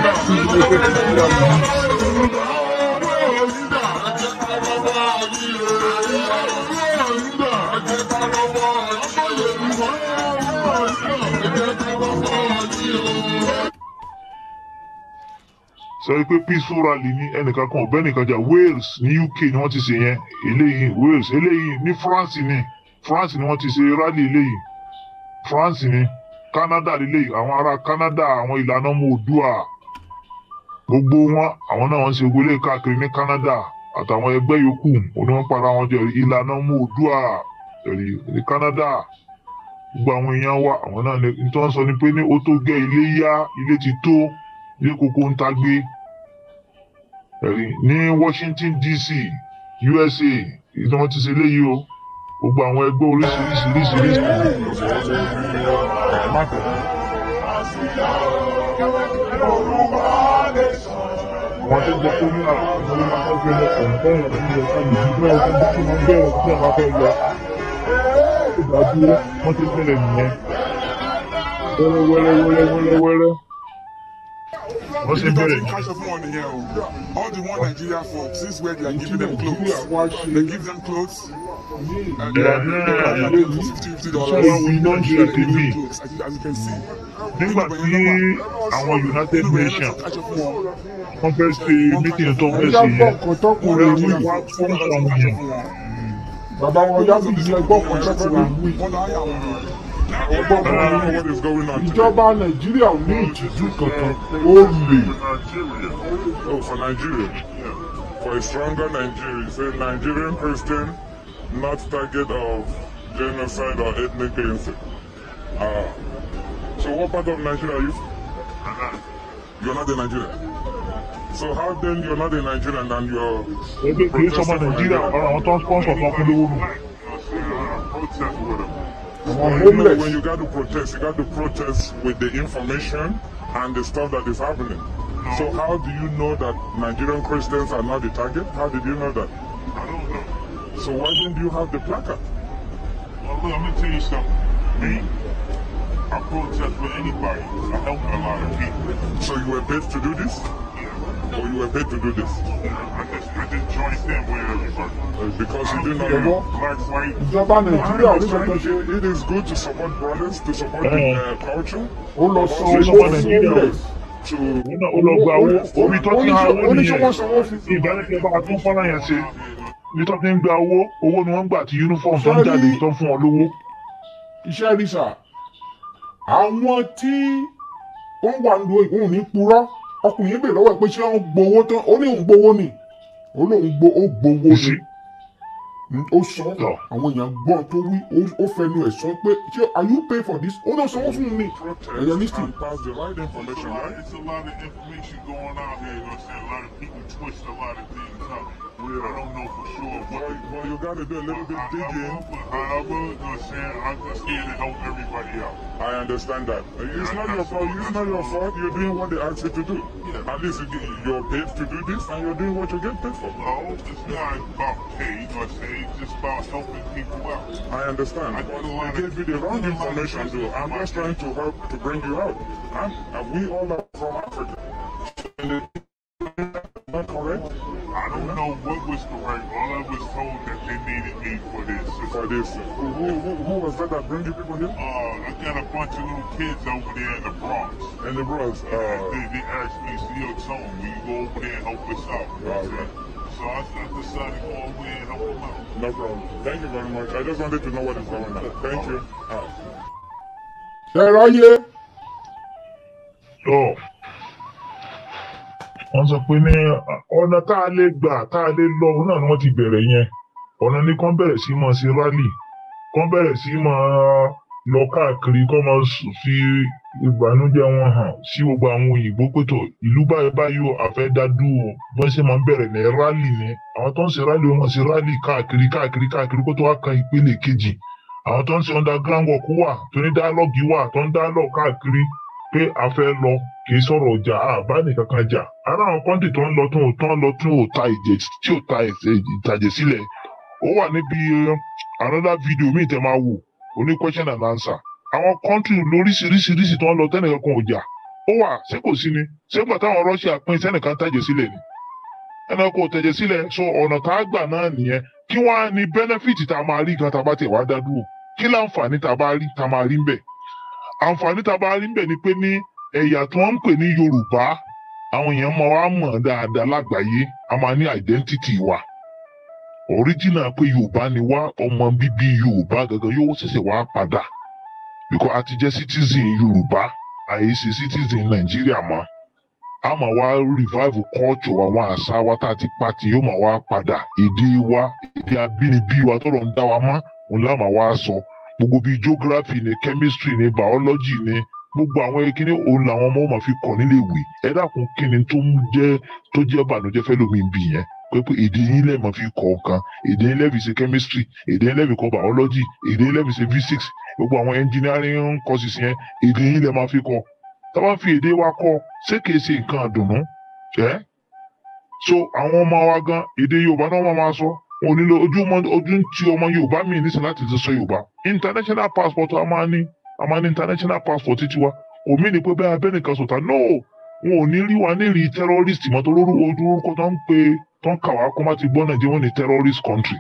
pé peaceful rally ní ẹnìkan kan ọ̀bẹ nìkan jà Wales ní UK ni wọ́n ti ṣe yẹn eléyìí Wales eléyìí ní France ni France ni wọ́n ti ṣe rally eléyìí France ni Canada lélẹ́yìí àwọn ará Canada àwọn ìlànà ọmọ Oòduà gbogbo wọn àwọn náà wọ́n ṣe wọlé káàkiri ní Canada àtàwọn ẹgbẹ́ yòókù òní wọ́n para wọn jẹ ìlànà ọmọ òdua ẹ̀rí ní Canada gbogbo àwọn èèyàn wa àwọn náà ní tí wọ́n sọ ni pé ní ó tó gẹ́ ilé yá ilé ti tó ilé koko ń tagbé ní Washington DC USA ìdí wọ́n ti ṣe léyìí o gbogbo àwọn ẹgbẹ́ oríṣiríṣi oríṣiríṣi. Má bẹ̀rẹ̀ àwọn tó gbọ́ fún náà àwọn ló máa tọ́jú ẹni kọ̀ọ̀kan ọ̀nà tó yẹ ká nìyí bẹ́ẹ̀ tó bá tó máa bẹ̀rẹ̀ tí àwọn afẹ́ lọ. ó dájú wọ́n ti gbẹ̀rẹ̀ nìyẹn. wẹ́rẹ́ wẹ́rẹ́ wẹ́rẹ́ wẹ́rẹ́ wẹ́rẹ́ wọ́n ṣe bẹ̀rẹ̀. all the one Nigeria folks. This is where they are giving them clothes they give them clothes. And they are uh, there fifty fifty dollars. so we don share the bill. nígbà tí àwọn United Nations wọ́n fẹ́ ṣe meeting tó fẹ́ ṣe yẹn wọ́n fẹ́ wí fún àwọn yẹn. bàbá wọn yá fún ìdílé gbọ́ kọ́ńtà tí ìjọba nàìjíríà ò ní ìtìjú kankan ó lè. Oh, for Nigeria. Yeah. For a stronger Nigeria. Say Nigerian Christian, not target of genocide or ethnic cleansing. Uh, so what part of Nigeria are you? You're not a Nigerian. So how then you're not a Nigerian and you're. Ebe kì í sọmọ Nàìjíríà ọ̀rọ̀ àwọn tó ń sponsor fún ọkùnrin lówó nù. on You know, when you got to protest, you got to protest with the information and the stuff that is happening. No. So how do you know that Nigerian Christians are not the target? How did you know that? I don't know. So why didn't you have the placard? Well, look, I'm gonna tell you something. Me, I protest with anybody. I help a lot of people. So you were paid to do this? Or oh, you were paid to do this? I just, I just joined them with everybody. Uh, because you didn't know blacks, white. Ìjọba Nàìjíríà ní ìjọba ṣe. It is good to support brothers, to support uh, the culture. Ó lọ sọ owó sílẹ̀. Nínú olọgba owó, omi tó ti ha owó nìyẹn. Ìbánikẹ́bá tún fọ́nrán yẹn ṣe. Ibi tó ti ń gba owó, owó ni wọ́n ń gbà tí uniform tó ń jáde tó ń fún ọ lówó. Iṣẹ́ rí sà, àwọn tí ó ń wà lóyún ní purọ́ ọkùnrin bèrè lọ́wọ́ ẹ̀ pé ṣé wọ́n gbowó tán ó ní òun gbowó ni ó lóun gbowó ni ó sọ àwọn èèyàn gbọ́ tó wí ó fẹnu ẹ̀ sọ pé ṣé are you pay for this ó náà sanwó fún mi ẹ̀yà nísìnyí. It's weird. I don't know for sure. Well, well you gotta do a little bit digging. However, you know what I'm saying? I'm just here to help everybody out. I understand that. It's not your fault. It's not your fault. You're doing what they asked you to do. Yeah. At least you're paid to do this, and you're doing what you get paid for. No, it's not about pay. You It's just about helping people out. I understand. I, I gave you the wrong information, though. I'm just trying to help to bring you out. I'm, we all are from Africa correct? I don't know what was correct. All I was told that they needed me for this. For this. Who, who, who was that that bring you people here? Uh, I got a bunch of little kids over there in the Bronx. In the Bronx? Uh, they, they asked me, Steel Tone, will you go over there and help us out? Right, So I decided to go over there and help them out. No problem. Thank you very much. I just wanted to know what is going on. Thank you. Where are you? Yo. wọ́n sọ pé ní ọ̀nà tá a lè gbà tá a lè lọ náà ni wọ́n ti bẹ̀rẹ̀ yẹn ọ̀nà ni kán bẹ̀rẹ̀ sí máa ṣe rálì kán bẹ̀rẹ̀ sí máa lọ káàkiri kán máa fi ìbànújẹ́ wọn hàn sí gbogbo àwọn òyìnbó pẹ̀tọ̀ ìlú báyìí báyìí ó àfẹ́ dádú o wọ́n ṣe máa ń bẹ̀rẹ̀ ní rálì ni àwọn tó ń ṣe rálì wọn ṣe rálì káàkiri káàkiri káàkiri kó tó wá kan ìpele kejì àwọn tó ń ṣe underground work wà tó ní dialogue wà tó ń dialogue káàkiri pé a fẹ́ lọ kì í sọ̀rọ̀ ọjà àbá nìkan kan jà ara àwọn kọ́ńtì tó ń lọ tún ò tán lọ tún ò ta ìjẹ tí ò ta ìtàjẹ sílẹ̀ ó wà níbi eh, another video míì tẹ́ máa wò oní question and answer àwọn kọ́ńtì lóríṣiríṣiríṣi tó ń lọ tẹ́nìkan kan ò jà ó wà ṣé kò sí ni ṣé gbà táwọn Russia pín sẹ́nìkan tàjẹ sílẹ̀ ni ẹnìkan kò tẹ̀jẹ̀ sílẹ̀ so ọ̀nà tá a gbà náà nìyẹn kí wọ́n á ní benefit tá a máa rí gan tá a bá tẹ̀ wá dá dúró kí láǹfààní tá a bá rí tá a máa rí ń bẹ̀ àǹfààní ta bá rí ń bẹ̀ ni pé ní ẹ̀yà tí wọ́n ń pè ní Yorùbá àwọn èèyàn máa wá mọ̀ dáadáa lágbàáyé a máa ní identity wa original pé Yorùbá ni wá ọmọ bíbí Yorùbá gangan yóò ṣẹ̀ṣẹ̀ wá padà because a ti jẹ́ citizen Yorùbá àìsí citizen Nàìjíríà mọ́ a máa wá revive culture àwọn àṣà wa tá a ti pa tí yóò máa wá padà èdè wa èdè abínibí wa tọrọ ń dá wa mọ́ òun láà máa wá sọ. So gbogbo bíi geography ni chemistry ni biology ni gbogbo àwọn ekele òun làwọn ọmọ máa fi kọ́ nílé ìwé ẹ dákun kí ni tó ń jẹ́ tó jẹ́ bànújẹ́ fẹ́ lómi bì yẹn pé èdè yín lẹ́ẹ̀ máa fi kọ́ nǹkan èdè yín lẹ́ẹ̀ fi ṣe chemistry èdè yín lẹ́ẹ̀ fi kọ́ biology èdè yín lẹ́ẹ̀ fi ṣe physics gbogbo àwọn engineering courses yẹn èdè yín lẹ́ẹ̀ máa fi kọ́ tá a bá fi èdè wa kọ́ ṣé kìí ṣe nǹkan àdùnnú ẹ́ so àwọn ọmọ wa gan èdè Yorùbá náà máa máa sọ òní ojúmọ́ ojú ń ti ọmọ Yorùbá mi nísìnyí láti ti sọ Yorùbá international passport a máa ní a máa international passport títí wa òmí ni pé bẹ́ẹ̀ abẹ́nìkan sọ̀tà no wọn ò ní terrorist mọ́ tó lórúkọ orúkọ tó ń pe tó ti gbọ́ Nàìjíríà wọn ní terrorist country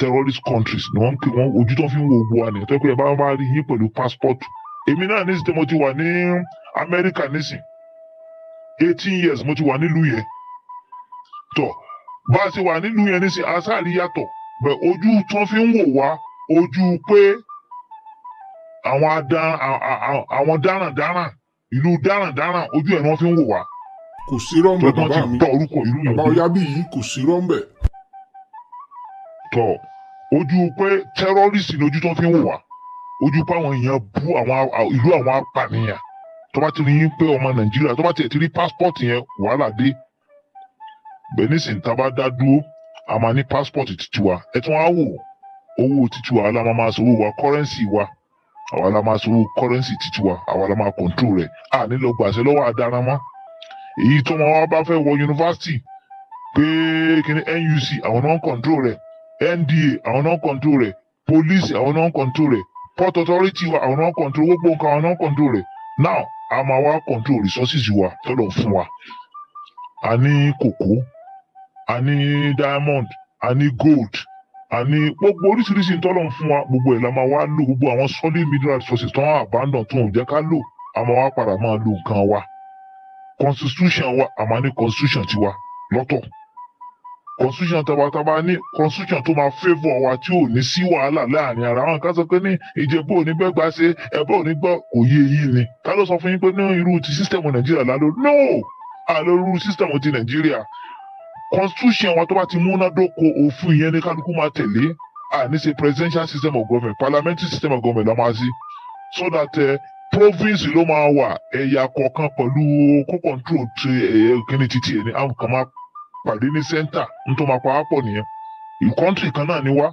terrorist countries ni wọ́n pe ojú tó fi ń wo ogun wa èmi náà ní bá a ṣe wà nílùú yẹn nísìn asáàrí yàtọ̀ bẹ̀ ojú tí wọ́n fi ń wò wá ojú pé àwọn adán àwọn dáràndáràn ìlú dáràndáràn ojú ẹ̀ ni wọ́n fi ń wò wá. kò sí rọ́ǹbẹ̀ bàbá mi bàbá ọ̀yá bí yìí kò sí rọ́ǹbẹ̀. tọ ojú pé tẹ́rọ́rìsì ni ojú tí wọ́n fi ń wò wá ojú pé àwọn èèyàn bú ìlú àwọn apànìyàn tó bá ti rí pé ọmọ nàìjíríà tó bá ti rí pásítọ̀tì yẹn wàhálà dé benin taba a bá dá dúró passport titiwa ẹ awo, á wò owó titiwa àwa la wa currency wa àwa la máa sanwó currency titiwa àwa la máa control rẹ̀ a nílò gbàṣẹ lọ́wọ́ àdáramá èyí tó ma wá bá fẹ́ wọ yunifásitì pé kíní NUC àwọn náà ń control rẹ̀ NDA àwọn náà ń control rẹ̀ police àwọn náà ń control rẹ̀ port authority wa àwọn náà ń control gbogbo nǹkan àwọn náà ń control rẹ̀ now a máa wá control resources wa tọ́lọ̀ fún wa a ní kòkó a ní diamond a ní gold a ní gbogbo oríṣiríṣi tọ́lọ̀ ń fún wa gbogbo ẹ̀ la máa wá lò gbogbo àwọn solid mineral resources tó ń abandon tó ń jẹ́ ká lò a máa wá padà máa lo nǹkan wa constitution wa a máa ní constitution tiwa lọ́tọ̀ constitution tabataba ní constitution tó máa favour wa tí ò ní sí wàhálà láàrin ara wọn ká sọ pé ní ìjẹ́bú ò ní bẹ́ẹ̀ gbà ṣe ẹ̀bọ́ ò ní gbọ́ òye yìí ni ká ló sọ fún yín pé ní irú ti system nàìjíríà lálọ́ no àlọ́ irú system ti nàìjíríà constitution wa tó bá ti múnádóko òfin yẹn ní kálukú máa tẹ̀lé àní ṣe presidential system of government parliamentary system of government la máa sí so that uh, province ló máa wà ẹ̀yà kọ̀ọ̀kan pẹ̀lú kó control ti ẹ̀yẹ eh, kíni títí ẹni àwọn kan máa pàdé ní center n tó máa pawápọ̀ nìyẹn ìkọ́ntì kan náà ni wá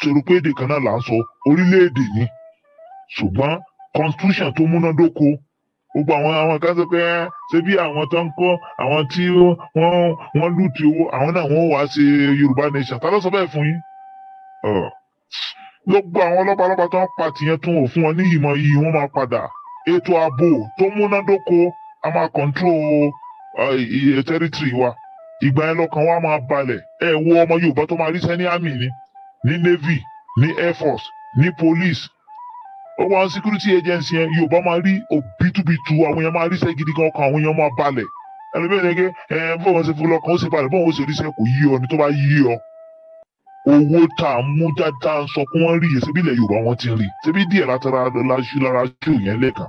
sọ̀rọ̀péèdè kan náà là ń sọ orílẹ̀-èdè ni ṣùgbọ́n constitution tó múnádóko gbogbo àwọn àwọn kan sọ pé eh, ṣé bí àwọn tó ń kọ́ àwọn tí wọ́n wọ́n lùtì owó àwọn náà wọ́n wá ṣe yorùbá nation ta ló sọ bẹ́ẹ̀ fún yín gbogbo àwọn lọ́balọ́ba tó ń pa tìyẹn tún ò fún wọn ní ìmọ̀ iyì wọ́n máa padà ètò ààbò tó múnádóko a máa kọ̀ǹtró tẹ́rítìrì wa ìgbà yẹn lọ́kàn wa máa balẹ̀ ẹ wo ọmọ yorùbá tó máa ríṣẹ́ ní army ni ní navy ní air force ní police wọn security agency yẹn yorùbá máa rí òbítúbitù àwọn yẹn máa ríṣẹ́ gidi gan kan àwọn yẹn máa balẹ̀ ẹlòmíràn yẹn ké ẹ bọ́ọ̀ wọn ṣe fún lọ́kàn ó ṣe balẹ̀ bọ́ọ̀ wọn ṣe ríṣẹ́ kò yí ọ ní tó bá yí ọ owó tá a mú dáadáa sọ pé wọ́n rí yẹn ṣebí ilẹ̀ yorùbá wọn ti rí ṣebí díẹ̀ látara lára ṣù yẹn lẹ́ẹ̀kan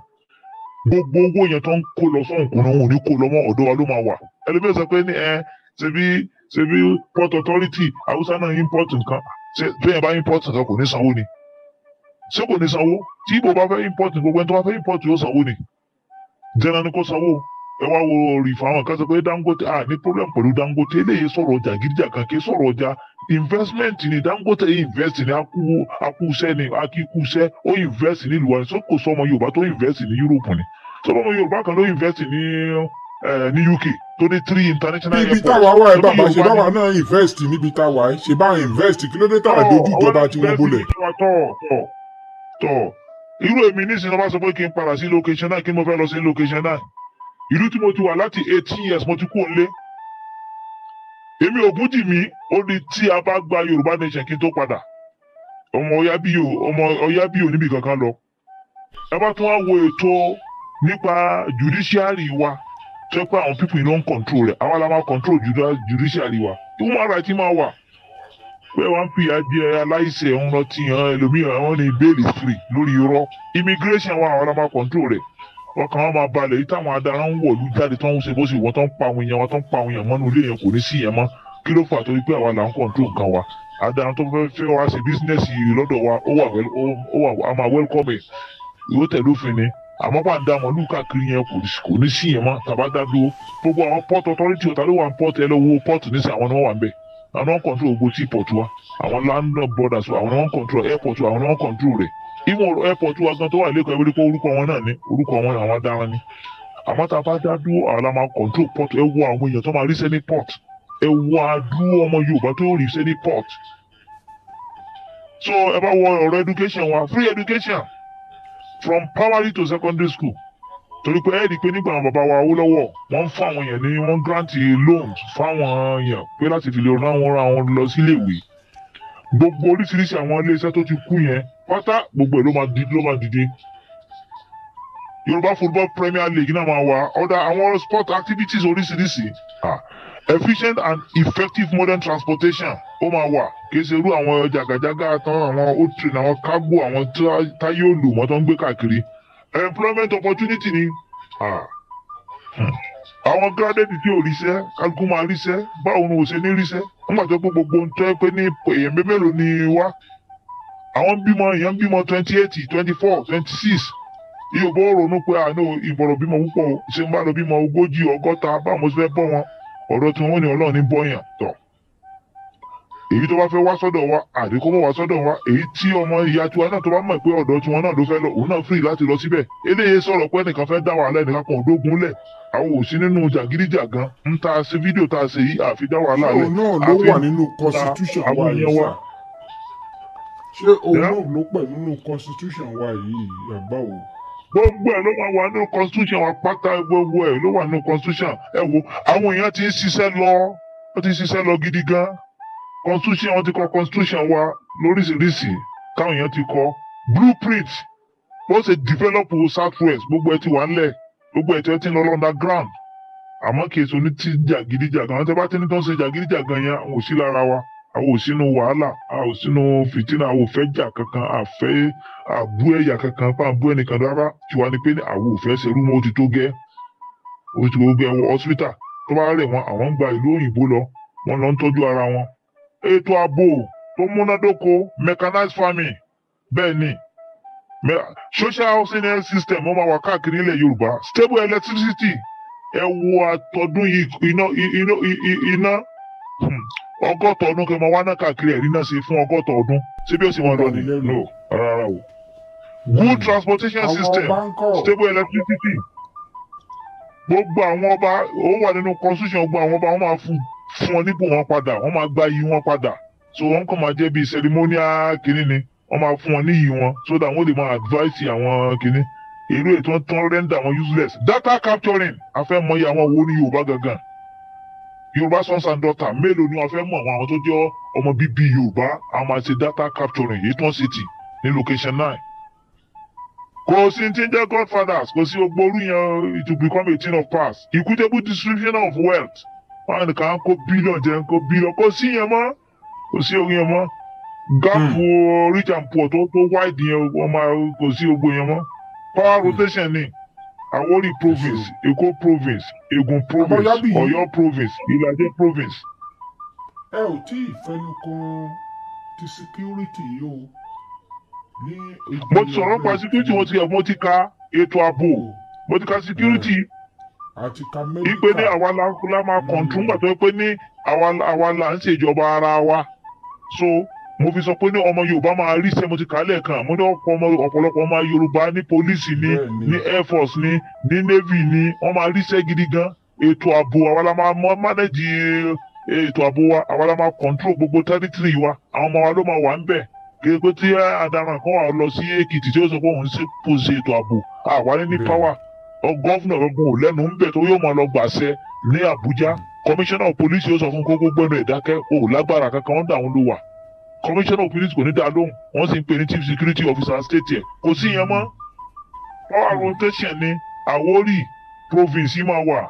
gbogbo owó yẹn tó ń kó lọ sọ́hùn kùnà òun ní kó lọ mọ́ ọ̀dọ́ wa ló máa wà ẹlòmíràn sọ pé ní ẹ ṣebí ṣebí port authority haúsá náà import nǹkan ṣe bẹ́ẹ̀ bá import nǹkan kò ní sanwó ni ṣé kò ní sanwó tí ìbò bá fẹ́ import gbogbo ẹni tó bá fẹ́ import yóò sanwó ni jẹ́nà ni kò sanwó ẹ wá wo rìfà àwọn kan pé Dangote a ní problem pẹ̀lú Dangote eléyìí sọ̀rọ̀ ọjà gíríjà kan kì sọ̀rọ̀ ọjà investment ni Dangote invest ni akúṣẹ́ ni akíkúṣẹ́ ó invest ní ìlú wa ni sọ́kò sọmọ Yorùbá tó invest ní Europe ni sọmọ Yorùbá kan ló invest ní ní UK tó ní three international airports. ibi táwa wà ẹ bàbá ṣe báwa náà invest níbi táwa ṣe bá invest kí ló dé táwa dojú ìjọba tí wọ́n bolẹ̀. tọ̀ irú èmi nísìnyí ló bá sọ pé kí n padà sí location náà kí n mo fẹ́ lọ sí location náà ìlú tí mo ti wà láti eighteen years mo ti kú òǹlé èmi ògùn jì ó ní tí a bá gba Yorùbá nation kí n tó padà ọmọ ọyá bí o ọmọ ọyá bí o níbi kankan lọ ẹ bá tún wá wo ètò nípa judiciary wa tó yẹ pé àwọn pípìn ló ń control rẹ̀ àwa la máa control judiciary wa human rights máa wà pé wọ́n fi àjẹ aláìṣẹ̀ ń rántí hàn ẹlòmíràn wọ́n ní bẹ́ẹ̀lì free lórí irọ́ immigration wa àwọn ọlọ́mọ control rẹ̀ ọkàn wọn máa balẹ̀ yìí táwọn adarán ń wọ̀lú jáde tó ń ṣe bó ṣe wọ́n tó ń pa àwọn èèyàn wọn tó ń pa àwọn èèyàn mọ́nú ilé yẹn kò ní sí yẹn mọ́ kí ló fà torí pé àwa là ń control nǹkan wa adarán tó fẹ́ fẹ́ wá ṣe bísínẹ́sì lọ́dọ̀ wa ó wà ó wà á máa welcome ẹ̀ yóò tẹ̀lé òfin ni àmọ́ bá da mọ̀ lùkà kiri yẹn kò ní sí yẹn mọ́ tàbá dá dúró gbogbo àwọn port authority ọ̀tá ló wà ń port ẹ lọ́wọ́ port nísìnyí àwọn ni wọ́n wà ń bẹ̀ àwọn náà ń control gbogbo seaport wa àwọn landlord brothers wa àwọn náà ń control airport wa àwọn náà ń control rẹ̀ even airport wa gan tó wà lẹ́kọ̀ọ́ ẹ̀wẹ́rẹ́ pé orúkọ wọn náà ni orúkọ wọn àwọn adára ni àmọ́ tá a bá dá dúró àwọn la máa control port ẹ wo àwọn èèyàn tó máa rí sẹ́ni port ẹ wo adúró ọmọ Yorùbá tó rí sẹ́ni port so ẹ bá wọ ọ̀rọ̀ education wa free education from primary to secondary school torí pé ẹ rí i pé nígbà àwọn bàbá wa Awólọ́wọ̀ wọ́n ń fún àwọn èèyàn ní wọ́n gírántì loans fáwọn èèyàn pé láti fi lè rán wọn ra wọn lọ síléèwé gbogbo oríṣiríṣi àwọn iléeṣẹ́ tó ti kú yẹn pátá gbogbo ẹ̀ ló máa dìde ló máa dìde Yorùbá Football Premier League náà máa wà ọ̀dà àwọn sport activities oríṣiríṣi efficient and effective modern transportation ó máa wà kì í ṣe irú àwọn jàgàjàgà tán àwọn old train àwọn cargo àwọn táyé olùmọ́tò ń gbé káàkiri employment opportunity ni àwọn gírádẹ́ẹ̀dì tí ò ríṣẹ́ kálukú máa ríṣẹ́ báwo ni ò ṣe ní ríṣẹ́ nígbà tó pé gbogbo ń tẹ́ pé ní èèyàn mélòó ni wá àwọn bímọ èèyàn bímọ twenty eight twenty four twenty six yóò bọ́ ronú pé àná ìbọ̀rọ̀ bímọ púpọ̀ ṣé ń bá lọ bímọ ogójì ọgọ́ta báwo mo ṣe fẹ́ bọ́ wọn ọ̀rọ̀ tí wọ́n ní ọlọ́run ní bọ́yàn tán èyí tó bá fẹ́ wá sọ́dọ̀ wa àbí kó wá sọ́dọ̀ wa èyí tí ọmọ ìyá tiwa náà tó bá mọ̀ pé ọ̀dọ̀ tiwọn náà ló fẹ́ lọ òun náà free láti lọ síbẹ̀ eléyìí sọ̀rọ̀ pé ẹnìkan fẹ́ dá wàhálà ẹnìkan kan òdógun lẹ̀ àwọn ò sí nínú jàgídíjàgan ń ta ṣe fídíò tá a yìí àfi dá wàhálà rẹ̀ àfi ta àwọn àyẹn wa. ṣé òun ló pẹ̀ nínú constitution wa yìí àgbà o gbogbo ẹ ló máa wà nínú constitution wa pátá gbogbo ẹ ló wà nínú constitution ẹ wo àwọn èèyàn ti ń ṣiṣẹ́ lọ wọ́n ti ń ṣiṣẹ́ lọ gidi gan constitution wọn ti kọ constitution wa lóríṣiríṣi káwọn èèyàn ti kọ blueprint bó ṣe develop southwest gbogbo ẹ ti wà nílẹ̀ gbogbo ẹ ti ẹ ti lọ underground àmọ́ kì í ṣe oní ti jàgídíjàgan àwọn tí wọ́n bá ti ní tó ń ṣe jàgídíjàgan yẹn àwọn ò sí lára wa àwọn ò sínú wàhálà àwọn ò sínú fìtínà àwọn ò fẹ́ jà kankan àfẹ́ àbú ẹ̀yà kankan fún àbú ẹnìkan rárá tiwa ni pé àwọn ò fẹ́ ṣerú mọ́ ó ti tó gẹ́ ó ti tó gẹ́ wọ hospital tó bá rẹ̀ wọn àwọn ń gba ìlú òyìnbó lọ wọ́n lọ ń tọ́jú ara wọn ètò ààbò tó múnádóko mechanized farming bẹ́ẹ̀ ni social housing health system ó máa káàkiri ilẹ̀ Yorùbá stable electricity ẹ wo àtọdún iná iná hmm. ọgọ́ta ọdún kẹ́ wá náà káàkiri ẹ̀rí náà ṣe fún ọgọ́ta ọdún síbi ó sì máa lọ ní no rárá o good transportation system stable electricity gbogbo àwọn ọba ó wà nínú constitution gbogbo àwọn ọba wọn máa fún un fún wọn nípò wọn padà wọ́n máa gba iyì wọn padà so wọ́n kàn máa jẹ́ bíi ceremonial kínní ni wọ́n máa fún wọn ní iyì wọn so that wọ́n lè máa advice àwọn kínní èrò ètò tó ń render wọn useless data capturing afẹ́mọye àwọn wo ní Yorùbá gangan Yorùbá sons and daughters mélòó ni wọ́n fẹ́ mọ̀ àwọn tó jẹ́ ọmọ bíbí Yorùbá àwọn àti data capturing èyí tó ń ṣe tì ní location nine kò sí ti ń jẹ́ godfathers kò sí gbogbo orú yẹn it will become a thing of past equitable distribution of wealth wọn ah, nìkan kó bílíọ̀n jẹ́ kó bílíọ̀n kó sí yẹn mọ́ kó sí orin yẹn mọ́ gáàpù rich and poor tó tó wáìdì yẹn ọmọ kò sí ogbó yẹn mọ́ power hmm. rotation ni Àwórì province hmm. Èkó province Ègùn province Ọ̀yọ́ province Ìlàjẹ province. ẹ ò tí ì fẹnu kan ti security yìí o. mo ti sọ̀rọ̀ pa security mo ti kà mo ti ka ètò ààbò mo ti ka security. Mm. ipe ní àwa la la máa hmm. kọ̀ǹtún nígbà tó ní àwa ń ara wa so mo fi sọ pé ní ọmọ yorùbá máa rí iṣẹ́ mo ti kà á lẹ́ẹ̀kan mo ní ọ̀pọ̀lọpọ̀ ọmọ yorùbá ní pólísì ní ní air force ní ní navy ní wọ́n máa rí iṣẹ́ gidi gan ètò ààbò àwa la máa mọ eh, ètò ààbò wa àwa la máa kọ̀ǹtún gbogbo tẹ́rítìrì wa àwọn ọmọ wa ló máa wà ń bẹ̀ kéèké tí adarun kan wà lọ sí èkìtì tí ó sọ gọ́fúnà gbogbo ò lẹ́nu ń bẹ̀ tó yóò máa lọ gbàṣẹ ní Àbújá kọmíṣánná pólísì yóò sọ fún kókó gbẹ́nu ìdákẹ́ ò lágbára kankan wọ́n dà wọ́n ló wà kọmíṣánná pólísì kò ní dá lóhùn wọ́n sì ń pè ní chief security officer state yẹn kò sí yẹn mọ́ power rotation ni Àwórì province yìí máa wà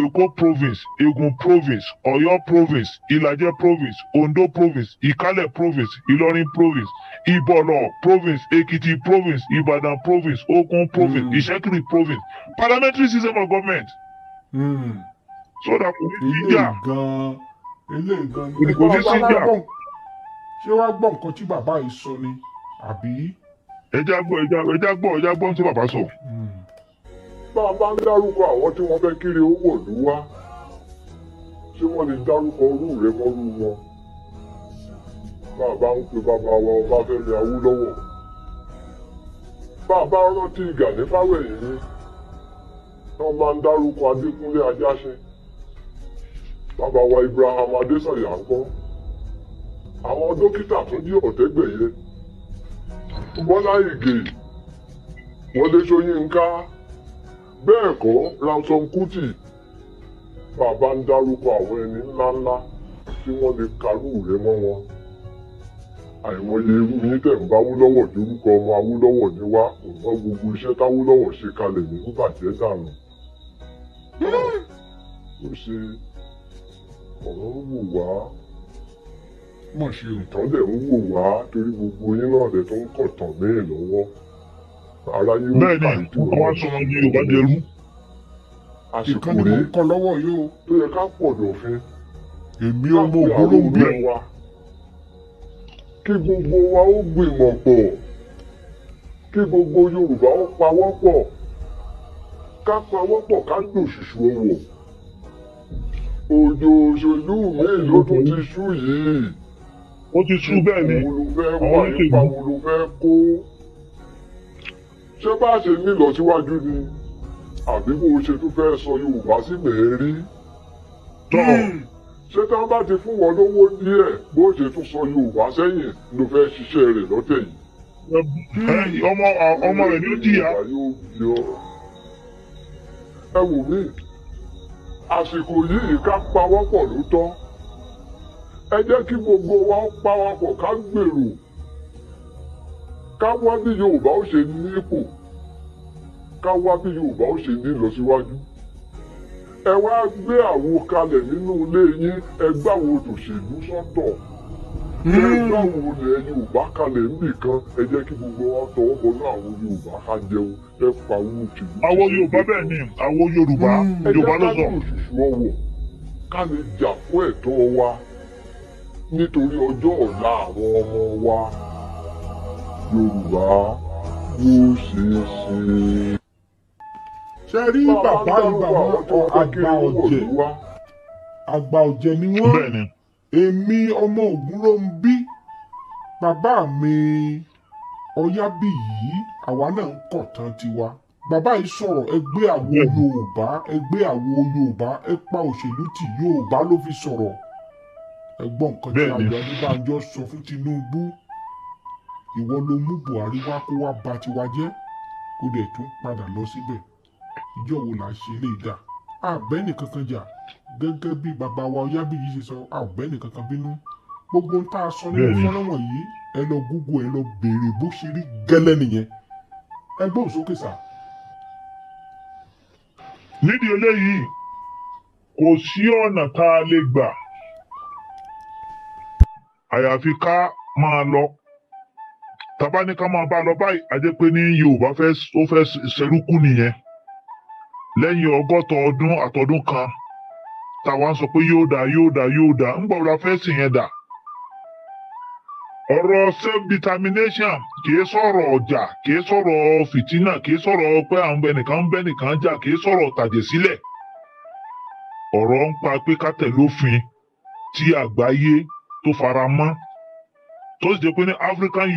èkó province ègùn province ọ̀yọ́ province ìlàjẹ province ondo province ìkálẹ̀ province ìlọrin province ìbọ̀lọ̀ province èkìtì province ìbàdàn province ògùn province hmm. ìṣẹ́kìrì province parliamentary system of government. Mm. so that kò ní sí ìjà kò ní sí ìjà. ṣé wàá gbọ́ nǹkan tí bàbá yìí sọ ni àbí. ẹ já gbọ́ ẹ já gbọ́ ẹ já gbọ́ tí bàbá sọ. Mm. tá bá ń dárúkọ àwọn tí wọ́n fẹ́ kiri owó òlú wá ṣé wọ́n lè dárúkọ orú rẹ mọ́rú wọn bàbá ń pe bàbá wa Ọbáfẹ́mi Awólọ́wọ̀ bàbá rántí Gàní Fáwẹ̀hìnmí wọ́n máa ń dárúkọ Adékúnlé Ajáṣin bàbá wa Ibrahim Adésànyà ń kọ́ àwọn dókítà tún ní Ọ̀tẹ́gbẹ̀yẹ Bọ́lá Ìgè Wọlé Ṣóyínká. bẹ́ẹ̀ kọ́ Ransom Kuti bàbá ń dárúkọ àwọn ẹni ńláńlá tí wọ́n lè karú rẹ mọ́ wọn àìmọye irú yín tẹ̀ wúlọ́wọ̀ dórúkọ ọmọ awúlọ́wọ̀ ni wá kò mọ gbogbo iṣẹ́ táwúlọ́wọ̀ ṣe kalẹ̀ ní bàjẹ́ dànù. ó ṣe ọ̀rọ̀ ń wò wá mọ̀ ṣe ìtàn ń wò wá torí gbogbo yín náà dẹ̀ tó ń kọ̀tàn mí lọ́wọ́ aláyé ó kà í tó ọ̀rọ̀. bẹ́ẹ̀ni àwọn asọmọ di yorùbá dẹrú. àsìkò rẹ ìkànnì kọ lọ́wọ́ yìí o tó yẹ ká pọ̀ dọ̀fin. èmi ọmọ ògbólógbé kí gbogbo wa ó gbìmọ̀ pọ̀ kí gbogbo yorùbá ó pawọ́pọ̀ ká pawọ́pọ̀ ká dòṣìṣù owó òjò òṣèlú mi ló tún ti sú yìí ó ti sú bẹ́ẹ̀ ni àwọn olùfẹ́ wà nípa kó ṣé bá ṣe ní ìlọsíwájú ni àbí bó ṣe tún fẹ́ sọ Yorùbá sí mẹ́rí tọ́ hmm. ṣé tá a bá ti fún wọn lówó díẹ̀ bó ṣe tún sọ Yorùbá sẹ́yìn ló fẹ́ ṣiṣẹ́ rẹ̀ lọ́tẹ̀ yìí. Hmm. ọmọ ah, ọmọ rẹ̀ ló jìyà. ẹ wò mí àsìkò yìí ká pawọ́pọ̀ ló tọ́ ẹ jẹ́ kí gbogbo wa pawọ́pọ̀ ká gbèrò. ká wá bí Yorùbá ó ṣe nípò ká wá bí Yorùbá ó ṣe ní ìlọsíwájú ẹ wá gbé àwo kalẹ̀ nínú ilé yín ẹgbẹ́ àwo tòṣèlú sọ́tọ̀ hmm. ẹgbẹ́ Yorùbá ẹ jẹ́ kí gbogbo wa tọwọ́ bọnú àwọn Yorùbá ká jẹun ẹ pa owó àwọn Yorùbá bẹ́ẹ̀ ni àwọn Yorùbá hmm. Yorùbá ló sọ. ẹ jẹ́ ká ká lè jà fún ọmọ wa. Yorùbá bó ṣe ṣe. ṣe rí bàbá ìgbà mọ́tò àgbà ọ̀jẹ̀ àgbà ọ̀jẹ̀ ni wọ́n èmi ọmọ ògùn ló ń bí bàbá mi ọyábíyí àwa náà ń kọ̀ tán tiwa bàbá yìí sọ̀rọ̀ ẹgbẹ́ àwo Yorùbá ẹgbẹ́ àwo Yorùbá ẹ pa òṣèlú tì Yorùbá ló fi sọ̀rọ̀ ẹgbọ́n nǹkan tí Ayọ̀ Adébánjọ sọ fún Tinubu ìwọ ló mú Buhari wá kó wá ba tiwa jẹ́ kó dẹ̀ tún padà lọ síbẹ̀ ìjọ wo là ń ṣe lè dà àbẹ́nì kankan jà gẹ́gẹ́ bí bàbá wa Ọyábíyì ṣe sọ àbẹ́nì kankan bínú gbogbo ń tá a sọ nínú fọ́nrán wọ̀nyí ẹ lọ Google ẹ lọ béèrè bó ṣe rí gẹ́lẹ́ nìyẹn ẹ gbóhùn sókè sá. nídìí eléyìí kò sí ọ̀nà tá a lè gbà àyàfi ká máa lọ tàbá ní ká máa bá lọ báyìí àjẹ́ pé ní yorùbá ó fẹ́ nìyẹn lẹ́yìn ọdún àtọdún kan táwa ń sọ pé yóò dá yóò dá yóò dá ń gbọ́dọ̀ afẹ́sìn yẹn dà ọ̀rọ̀ self determination kìí sọ̀rọ̀ ọjà kìí sọ̀rọ̀ fìtínà kìí sọ̀rọ̀ pé à ń bẹ nìkan ń bẹ nìkan jà kìí pé ká tí àgbáyé tó fara mọ́ tó sì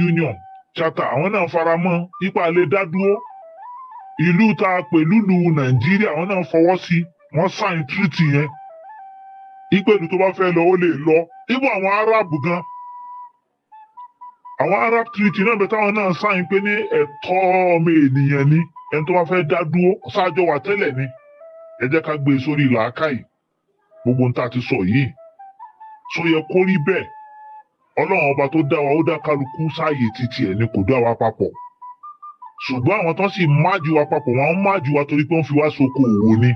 Union Chata àwọn náà fara mọ́ ipa lè dá dúró ìlú tá a pè lúlu Nàìjíríà àwọn náà fọwọ́ sí wọ́n sáìn tírìtì yẹn ìpèlú tó bá fẹ́ lọ ó lè lọ ibú àwọn Arab gan àwọn Arab treaty náà bẹ́ẹ̀ táwọn náà sáìn pé ní ẹ̀tọ́ ọmọ ènìyàn ni ẹni tó bá fẹ́ dá dúró ṣáájọ wà tẹ́lẹ̀ ni ẹ jẹ́ ká gbé e sórí làákàyè gbogbo nta ti sọ yìí sọ yẹ kó rí ọlọ́run ọba tó dá wa ó dá kálukú sáàyè títí ẹ̀ ni kò dá wa papọ̀ ṣùgbọ́n àwọn tán sì máàjù wa papọ̀ wọn máàjù wa torí pé wọ́n fi wá soko òwò ni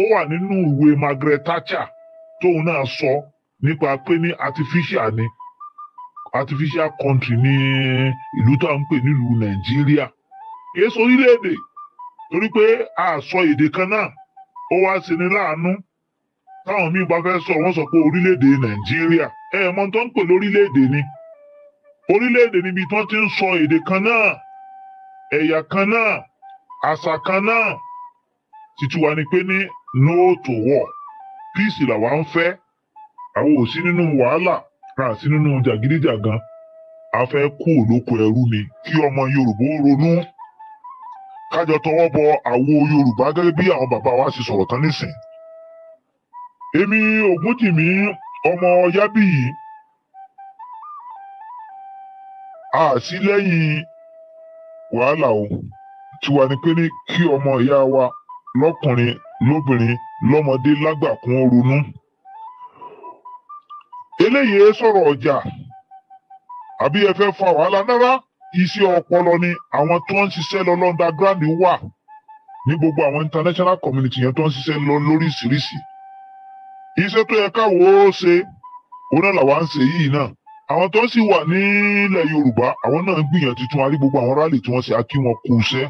ó wà nínú ìwé Margaret Thatcher tóun náà sọ nípa pé ní artificial ni artificial country ní ìlú tá à ń pè nílùú Nàìjíríà kìí ṣe orílẹ̀-èdè torí pé a sọ èdè kan náà ó wá ṣe láàánú táwọn míì bá fẹ́ sọ wọ́n sọ pé orílẹ̀-èdè nàìjíríà ẹ mọ tó ń pè lórílẹ̀-èdè ni orílẹ̀-èdè níbi tí wọ́n ti ń sọ èdè kan náà ẹ̀yà kan náà àṣà kan náà tìtúwa ni pé ní no to war peace làwa ń fẹ́ àwọn ò sí nínú wàhálà ra sí nínú jàgídíjàgan a fẹ́ kú òlóko ẹrú ni kí ọmọ yorùbá ó ronú kájọ tọwọ́ bọ àwo yorùbá gẹ́gẹ́ bí àwọn bàbá wa ṣe sọ̀rọ̀ tán nísìnyí. èmi ògúntìmí ọmọ yábíyì a sí lẹ́yìn wàhálà o tiwa ni pé ní kí ọmọ ìyá wa lọ́kùnrin lóbìnrin lọ́mọdé lágbà kún ronú eléyìí sọ̀rọ̀ ọjà àbí ẹ fẹ́ fa wàhálà náírà iṣẹ́ ọpọlọ ni àwọn tó ń ṣiṣẹ́ lọ London ground wà ní gbogbo àwọn international community yẹn tó ń ṣiṣẹ́ lọ lóríṣiríṣi iṣẹ́ tó yẹ káwọ́ ó ṣe òun náà làwa ń ṣe yìí náà àwọn tó sì wà nílẹ̀ yorùbá àwọn náà ń gbìyànjú tí wọ́n rí gbogbo àwọn rálì tí wọ́n ṣe akí wọn kú iṣẹ́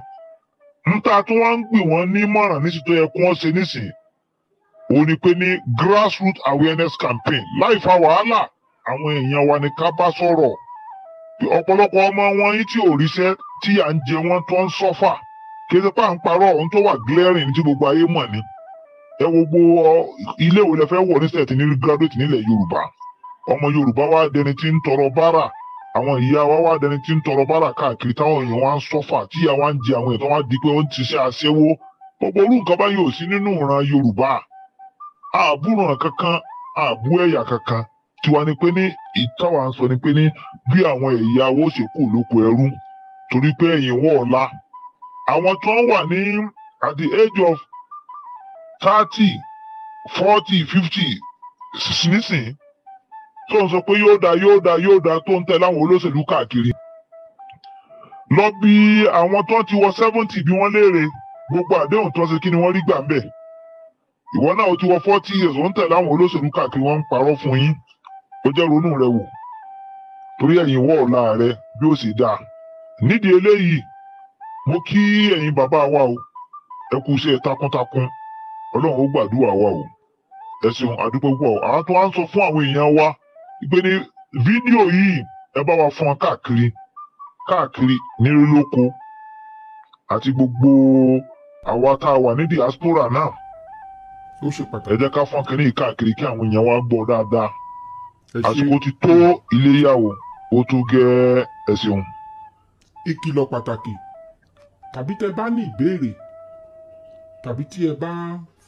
níta tí wọ́n ń gbìn wọ́n ní mọ̀ràn níṣì tó yẹ kí wọ́n ṣe níṣì òun ni pé ní grassroot awareness campaign láì fa wàhálà àwọn èèyàn wa ni ká bá sọ̀rọ̀ ọ̀pọ̀lọpọ̀ ọmọ wọn yìí tí ò ríṣẹ́ tí à ń jẹ wọ́n tó ń sọ́fà kí ẹ ti pa à tó wà glaring tí gbogbo ayé mọ̀ ni ẹ wo gbogbo uh, ilé ìwé lẹ fẹ́ wọ̀ nísìnyẹ tí ní graduate nílẹ̀ yorùbá ọmọ yorùbá wa dẹni tí ń tọrọ bárà àwọn ìyá wa wá dẹni tí ń tọrọ bárà káàkiri táwọn èèyàn wa ń sọ́fà tí ìyá wa ń jẹ àwọn èèyàn tó wá di pé ó ń tiṣẹ́ aṣẹ́wó gbogbo olú nǹkan bá yóò sí nínú ìran yorùbá àbúrò kankan àbú ẹ̀yà kankan tiwa ni pé ní ìtawà ń sọ ni pé ní bí àwọn ẹ̀yà wo ṣe kù lóko ẹrú torí pé ẹ̀yìn wọ̀ àwọn tó ń wà ní at the age of thirty forty fifty nísìnyí tó ń sọ pé yóò dáa yóò dáa yóò dáa tó ń tẹ láwọn olóṣèlú káàkiri lọ bí àwọn tó ti wọ seventy bí wọ́n léèrè gbogbo àdéhùn tó ṣe kí ni wọ́n rí gbà ń bẹ̀ ìwọ náà ti wọ forty years ó ń tẹ láwọn olóṣèlú káàkiri wọ́n ń parọ́ fún yín ó jẹ́ ronú rẹ wò torí ẹ̀yìn wọ́ ọ̀la rẹ bí ó sì dáa nídìí eléyìí mo kí ẹ̀yin bàbá wa o ẹ kú iṣẹ́ takuntakun ọlọ́run ó gbàdúrà wa o ẹ ṣeun àdúpẹ́ púpọ̀ àwọn tó wá ń sọ fún àwọn èèyàn wa pé ní fídíò yìí ẹ bá wa fún wọn káàkiri káàkiri nírú lóko àti gbogbo àwa tá a wà ní diaspora náà ó ṣe pàtàkì ẹ jẹ́ ká fún akẹ́ni káàkiri kí àwọn èèyàn wa gbọ́ dáadáa àsìkò ti tó iléyàwó ó tó gẹ́ ẹ ṣeun. ìkìlọ̀ pàtàkì tàbí tẹ́ bá ní ìbéèrè tàbí tí ẹ bá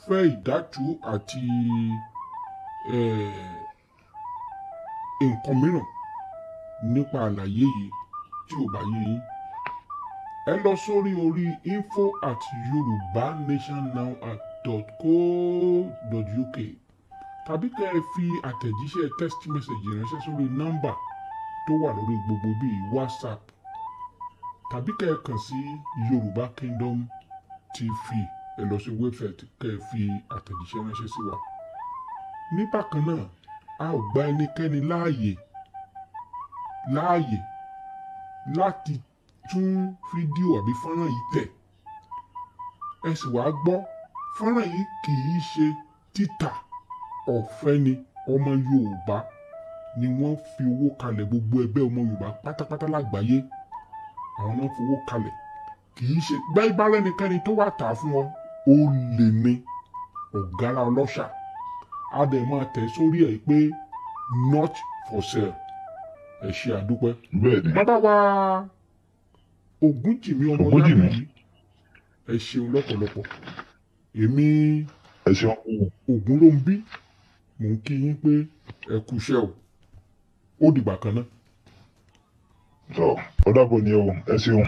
fẹ́ ìdájú àti eh, nǹkan mìíràn nípa àlàyé yìí tí ò bá yé yín ẹ lọ sórí orí info at uk. tàbí kẹ́ ẹ fi àtẹ̀jíṣẹ́ text message ránṣẹ́ sórí nọ́mbà tó wà lórí gbogbo bíi whatsapp tàbí kẹ́ ẹ kàn sí yorùbá kingdom tv ẹ lọ sí wẹ́bsáìtì kẹ́ ẹ fi àtẹ̀jíṣẹ́ ránṣẹ́ sí wa. ní bákan náà a ò gba ẹnikẹ́ni láàyè láàyè láti tún fídíò àbí fọ́nrán yìí tẹ̀ ẹ sì wá gbọ́ fọ́nrán yìí kì í ṣe títà ọ̀fẹ́ ni ọmọ Yorùbá ni wọ́n fi owó kalẹ̀ gbogbo ẹgbẹ́ ọmọ Yorùbá pátápátá lágbàáyé àwọn náà fowó kalẹ̀ kì í ṣe gbẹ́ bá lẹ́nikẹ́ni tó wà tà fún ọ ó lè ní ọ̀gára ọlọ́ṣà a dẹ̀ máa tẹ̀ sórí ẹ̀ pé not for sale ẹ ṣe àdúpẹ́. bẹ́ẹ̀ni bàbá wa Ògúnjìmí ọmọ yàrá yìí ẹ ṣeun lọ́pọ̀lọpọ̀ èmi ògùn ló ń bí mò ń kí yín pé ẹ kú iṣẹ́ o ó dìgbà kan náà. sọ ọ dàbọ̀ ni ẹ ṣeun.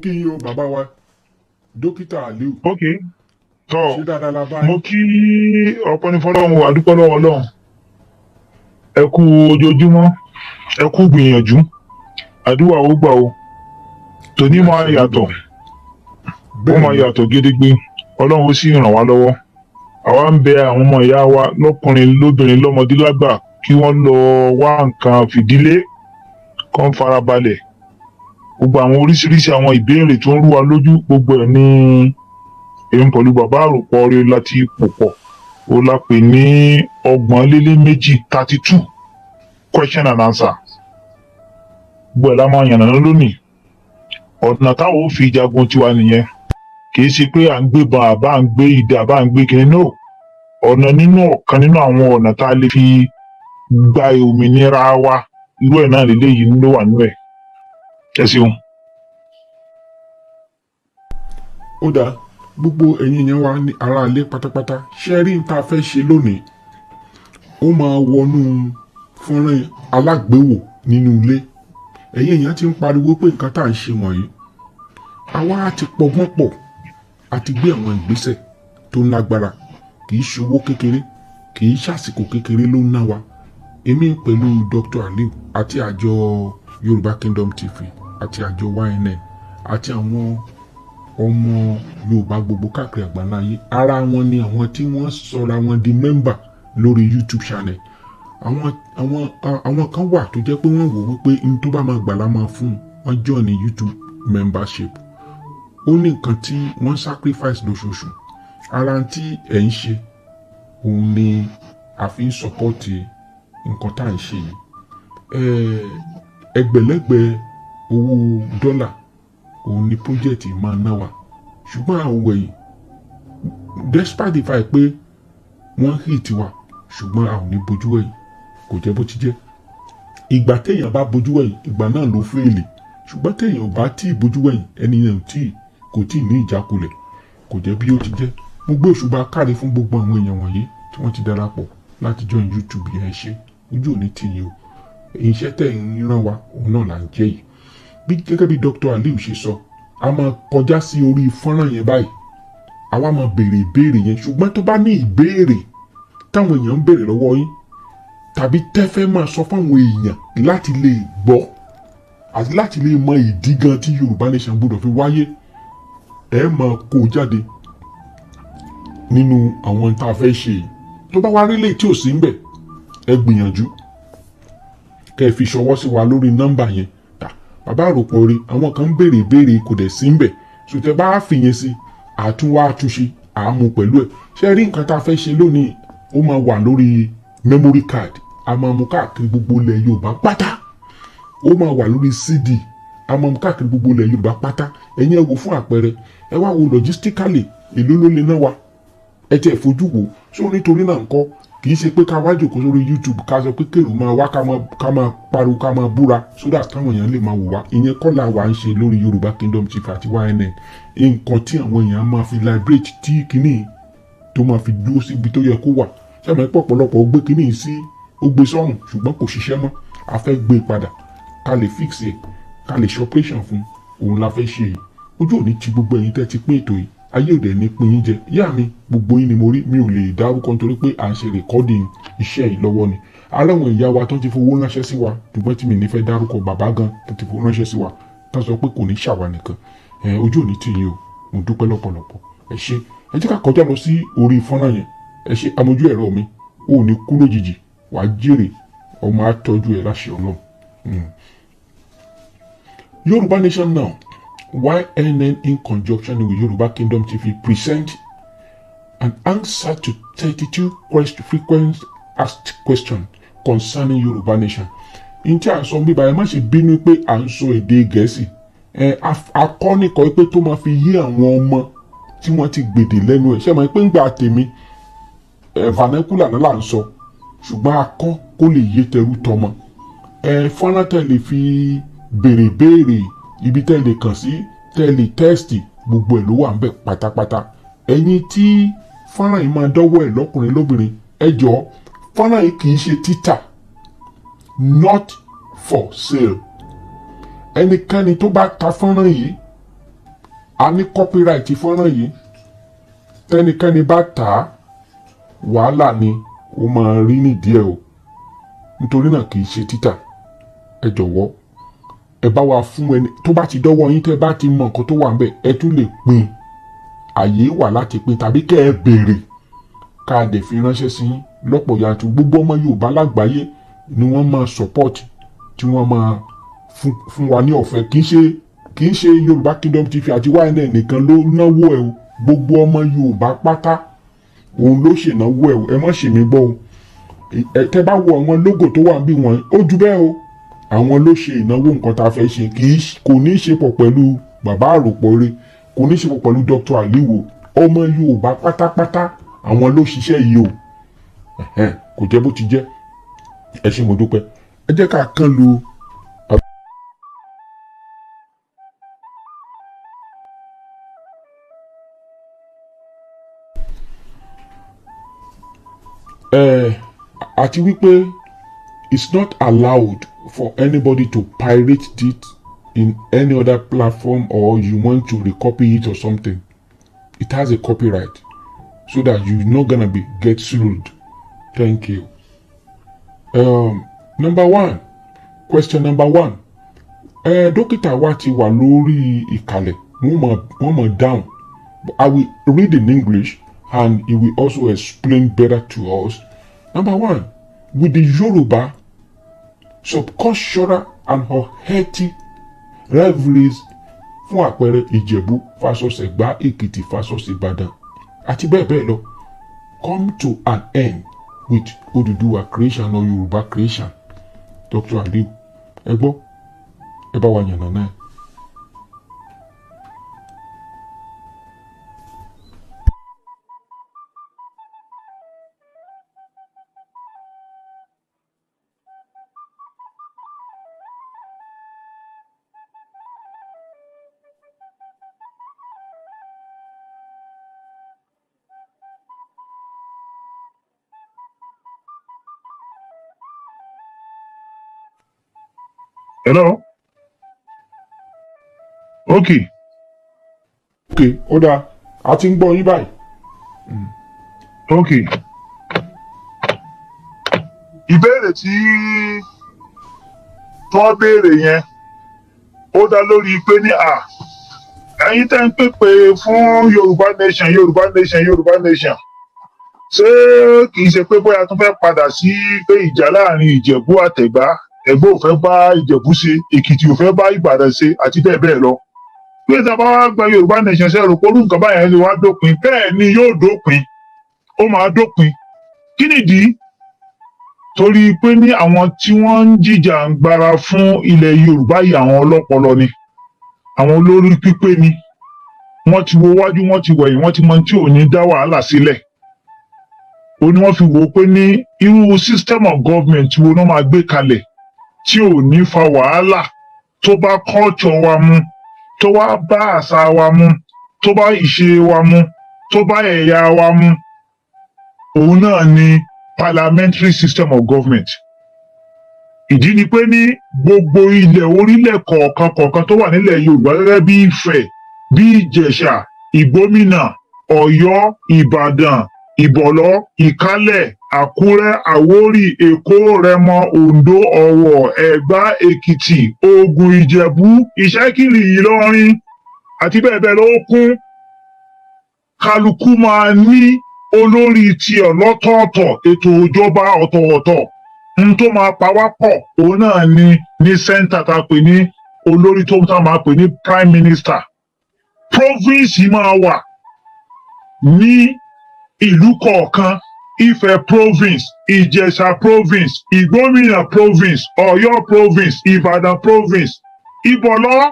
kí yín o bàbá wa dókítà aliu. ok tọ mo kí ọpẹ́ ní fọ́lọ́run àdúpẹ́ lọ́wọ́ Ọlọ́run ẹ kú ojoojúmọ́ ẹ kú gbìyànjú àdúrà ó gbà o tòní máa yàtọ̀ ó máa yàtọ̀ gédégbé Ọlọ́run ó sì ràn wá lọ́wọ́ àwa ń bẹ àwọn ọmọ ìyá wa lọ́kùnrin lóbìnrin lọ́mọdé lágbà kí wọ́n lọ wá nǹkan fìdílé kó ń farabalẹ̀ gbogbo àwọn oríṣiríṣi àwọn ìbéèrè tó ń rú wa lójú gbogbo ẹ̀ ní èmi pẹ̀lú bàbá àròpọ̀ rẹ láti pò pọ̀ la pè ní ọgbọ̀n lélé méjì thirty two question and answer gbogbo ẹ̀ la máa yànnà lónìí ọ̀nà táwọn ò fi jagun tiwa nìyẹn kìí ṣe pé à ń gbébọn àbá ń gbé ìdè àbá ń gbé kinní no ọ̀nà nínú ọ̀kan nínú àwọn ọ̀nà tá a lè fi gba òmìnira wa irú ẹ̀ náà lélẹ́yìí ló wà nínú ẹ ṣeun. ó dáa gbogbo ẹ̀yin yẹn wá ní aráalé pátápátá ṣe rí n ta fẹ́ ṣe lónìí ó máa wọnú fọ́nrán alágbèwò nínú ilé ẹ̀yin èèyàn ti ń pariwo pé nǹkan tá à ń ṣe wọ̀nyí àwa ti pọgbọ́n pọ̀ àti gbé àwọn ìgbésẹ̀ tó lágbára kì í ṣòwò kékeré kì í ṣàsìkò kékeré ló ń ná wa èmi pẹ̀lú Dr. Aliu àti àjọ Yorùbá Kingdom TV àti àjọ YNN àti àwọn ọmọ Yorùbá gbogbo káàkiri àgbáláyé ara wọn ni àwọn tí wọ́n sọra wọn di mẹ́mbà lórí YouTube channel àwọn àwọn àwọn kan wà tó jẹ́ pé wọ́n wò wípé n tó bá máa gbà máa fún wọn jọ ní YouTube membership ó ní nǹkan tí wọ́n sacrifice lóṣooṣù ara tí ẹ̀ ń ṣe òun ni a fi ń sọpọ́ọ̀tì nǹkan tá à ń ṣe yìí ẹgbẹ̀lẹ́gbẹ̀ owó dọ́là òun ni pọ́jẹ́tì máa ná wa ṣùgbọ́n àwọn wẹ̀yìn despite the fact pé wọ́n hit wa ṣùgbọ́n a ò ní bojú wẹ̀yìn kò jẹ́ bó ti jẹ́ ìgbà téèyàn bá bojú wẹ̀yìn ìgbà náà ló fèèlè ṣùgbọ́n téèyàn ò bá tí ì bojú wẹ̀yìn ẹni yẹn kò tí ì ní ìjákulẹ̀ kò jẹ́ bí ó ti jẹ́ mo gbé òṣùbà káre fún gbogbo àwọn èèyàn wọ̀nyí tí wọ́n ti darapọ̀ láti join YouTube yẹn ṣe ojú òní tì yín o iṣẹ́ tẹ̀ ń rán wa òun náà là ń jẹ́ yìí bí gẹ́gẹ́ bí Dr. Aliu ṣe sọ a máa kọjá sí orí fọ́nrán yẹn báyìí àwa máa béèrè ìbéèrè yẹn ṣùgbọ́n tó bá ní ìbéèrè táwọn èèyàn ń béèrè lọ́wọ́ yín tàbí tẹ́fẹ́ máa sọ fáwọn èèyàn láti lè gbọ́ àti láti lè mọ ìdí gan tí Yorùbá Nation gbọ́dọ̀ fi wáyé ẹ máa kó jáde nínú àwọn tá a fẹ́ ṣe yìí tó bá wá rílé tí ò sí ń bẹ̀ ẹ gbìyànjú kẹ́ ẹ fi ṣọwọ́ sí wa lórí nọ́mbà yẹn 0244 bàbá àròpọ̀ rí àwọn kan ń béèrè ìbéèrè kò dẹ̀ sí ńbẹ̀ ṣùtẹ́ bá fìyẹn sí àtúnwá àtúnṣe àmú pẹ̀lú ẹ̀ ṣe rí nǹkan tá a fẹ́ ṣe lónìí ó máa wà lórí memory card a máa mú káàkiri gbogbo ilẹ̀ Yorùbá pátá ó máa wà lórí CD a máa mú káàkiri gbogbo ilẹ̀ Yorùbá pátá ẹ̀yin ẹ wò fún àpẹẹrẹ ẹ wá wo logistically èló ló lè ná wa ẹ tẹ̀ fojú wò so nítorí náà nǹkan kì í ṣe pé ká wá jòkó sórí YouTube ká sọ pé kèrò máa wá ká máa pariwo ká máa búra sódà táwọn èèyàn lè máa wò wá ìyẹn kọ́ la wà ń ṣe lórí Yorùbá Kingdom TV àti YNN nǹkan tí àwọn èèyàn máa fi liberate tí kìíní tó máa fi dúró síbi tó yẹ kó wà sẹ́mi pọ̀pọ̀lọpọ̀ ó gbé kìíní sí ó gbé sọ́run ṣùgbọ́n kò ṣiṣẹ́ mọ́ a fẹ́ gbé e padà ká lè fix ẹ̀ ká lè ṣe operation fún òun la fẹ́ ṣe ojú òní ti gbogbo ẹ̀yin tẹ́ ti pín ètò yìí ayé òde ní pin yín jẹ ìyá mi gbogbo yín ni mo rí mi ò lè dárúkọ nítorí pé à ń ṣe rèkọ́dì iṣẹ́ yìí lọ́wọ́ ni aláwọn ìyá wa tó ti fowó ránṣẹ́ sí wa dùgbọ́n tí mi ní fẹ́ dárúkọ bàbá gan tó ti fowó ránṣẹ́ sí wa tó sọ pé kò ní ṣàwa nìkan ojú òní tì yín o mo dúpẹ́ lọ́pọ̀lọpọ̀ ẹ ṣe ẹ jẹ́ ká kọjá lọ sí orí fọ́nrán yẹn ẹ ṣe amójú ẹ̀rọ mi ò ní kú lójijì wàá jèrè ọmọ àtọ́jú ẹ̀ láṣẹ ọlọ́run hmm. Yorùbá Nation Now YNN in conjunction with Yoruba Kingdom TV present an answer to 32 quest frequent asked questions concerning Yoruba nation. n tí a sọ bí báyìí má ṣe bínú pé à ń sọ èdè Gẹ̀ẹ́sì akọ́nìkọ́ pé tó máa fi yé àwọn ọmọ tí wọ́n ti gbèdè lẹ́nu ẹ̀ ṣe máa pé ń a tèmi vanakula náà là ń sọ ṣùgbọ́n akọ́ kó lè yé tẹrú tọmọ fọ́nrán tẹ̀ lè fi ibi tẹ́ lè kàn sí tẹ́ lè tẹ́ẹ̀sì gbogbo ẹ̀ ló wà ńbẹ̀ pátápátá ẹ̀yin tí fọ́nrán yìí máa dọ́wọ́ ẹ̀ lọ́kùnrin lóbìnrin ẹ jọ fọ́nrán yìí kì í ṣe títà not for sale ẹnikẹ́ni tó bá ta fọ́nrán yìí a ní copyright fọ́nrán yìí tẹ́nikẹ́ni bá tà á wàhálà ni ó máa rí nídìí ẹ̀ o nítorí náà kì í ṣe títà ẹ jọ̀wọ́ ẹ bá wa fún ẹni tó bá ti dọ́wọ́ yín tẹ́ bá ti mọ nǹkan tó wà ńbẹ̀ ẹ tún lè pín àyè wà láti pín tàbí kẹ́ ẹ béèrè ká a dẹ̀ fi ránṣẹ́ sí yín lọ́pọ̀ yanturu gbogbo ọmọ Yorùbá lágbàáyé ni wọ́n máa support tí wọ́n máa fún wa ní ọ̀fẹ́ kì í ṣe kì í ṣe Yorùbá Kingdom TV àti YNN nìkan ló náwó ẹ o gbogbo ọmọ Yorùbá pátá òun ló ṣènáwó ẹ o ẹ má ṣèmí gbọ́ o tẹ́ bá wo àwọn lógò tó wà níbí wọ̀nyí ó ju bẹ́ẹ̀ o àwọn ló ṣe ìnáwó nǹkan tá a fẹ́ ṣe kì í kò ní í ṣe pọ̀ pẹ̀lú bàbá àròpọ̀re kò ní í ṣe pọ̀ pẹ̀lú Dr. Aliwo ọmọ Yorùbá pátápátá àwọn ló ṣiṣẹ́ yìí o kò jẹ́ bó ti jẹ́ ẹ ṣé mo dúpẹ́ ẹ jẹ́ ká kán lu àti wípé it's not allowed for anybody to pirate it in any other platform or you want to recopy it or something it has a copyright so that you're not gonna be get sued thank you um number one question number one Uh, dókítà wati waluri ìkàlẹ̀ down i will read in english and it will also explain better to us number one with the yoruba Subconscious and unhealthy rivalries fún àpẹẹrẹ ìjẹ̀bú versus ẹ̀gbá èkìtì versus ìbàdàn àti bẹ́ẹ̀ bẹ́ẹ̀ lọ come to an end with Odùduwà creation or Yorùbá creation Dr. Aliu ẹ gbọ́ ẹ bá wa yànnà náà. hello ok ok ó dáa a ti ń gbọ́ yín báyìí ok ìbéèrè tí tó béèrè yẹn ó dá lórí pé ní à ẹ̀yin tẹ́ ń pèpè fún yorùbá nation yorùbá nation yorùbá nation ṣé kì í ṣe pé bóyá tún fẹ́ padà sí pé ìjà láàrin ìjẹ̀bú àtẹ̀gbá ẹ̀gbọ́n ò fẹ́ bá ìjẹ̀bú ṣe èkìtì ò fẹ́ bá ìbàdàn ṣe àti bẹ́ẹ̀ bẹ́ẹ̀ lọ pé tá a bá wá gba yorùbá nation ṣe rò pé olú nǹkan báyẹn lè wá dópin bẹ́ẹ̀ ni yóò dópin ó máa dópin kí nìdí torí pé ní àwọn tí wọ́n ń jìjà ń gbara fún ilẹ̀ yorùbá yìí àwọn ọlọ́pọlọ ni àwọn olórí pípé ni wọ́n ti wo wájú wọ́n ti wẹ̀yìn wọ́n ti mọ tí ò ní dá wàhálà sílẹ̀ ó ní wọ́n fi wò ó pé ní irú system of government wo náà máa gbé kalẹ̀ tí ò ní fa wàhálà tó bá kọ́ọ̀tọ̀ wa mu tó wá bá àṣà wa mu tó bá ìṣe wa mu tó bá ẹ̀yà wa mu òun náà ni parliamentary system of government ìdí ni pé ní gbogbo ilẹ̀ orílẹ̀ kọ̀ọ̀kan kọ̀ọ̀kan tó wà nílẹ̀ yorùbá gẹ́gẹ́ bí ifẹ̀ bí ìjẹ̀ṣà ìgbómìnà ọ̀yọ́ ìbàdàn ìbọ̀lọ́ ìkálẹ̀ àkúrẹ́ àwórì èkó rẹmọ oǹdó ọ̀wọ̀ ẹ̀gbá èkìtì ògùn ìjẹ̀bú ìṣẹ́kìlì ìlọrin àti bẹ́ẹ̀ bẹ́ẹ̀ ló kún kálukú máa ní olórí tiẹ̀ lọ́tọ̀ọ̀tọ̀ ètò ìjọba ọ̀tọ̀ọ̀tọ̀ n tó máa pa wá òun náà ni ní sẹ́ńtà tá a pè ní olórí tó tá a máa pè ní prime minister province máa wà ní ìlú kọ̀ọ̀kan Ife province, Ijesha province, Igbomina province, Ọ̀yọ́ province, Ìbàdàn province. Ibọ̀lọ́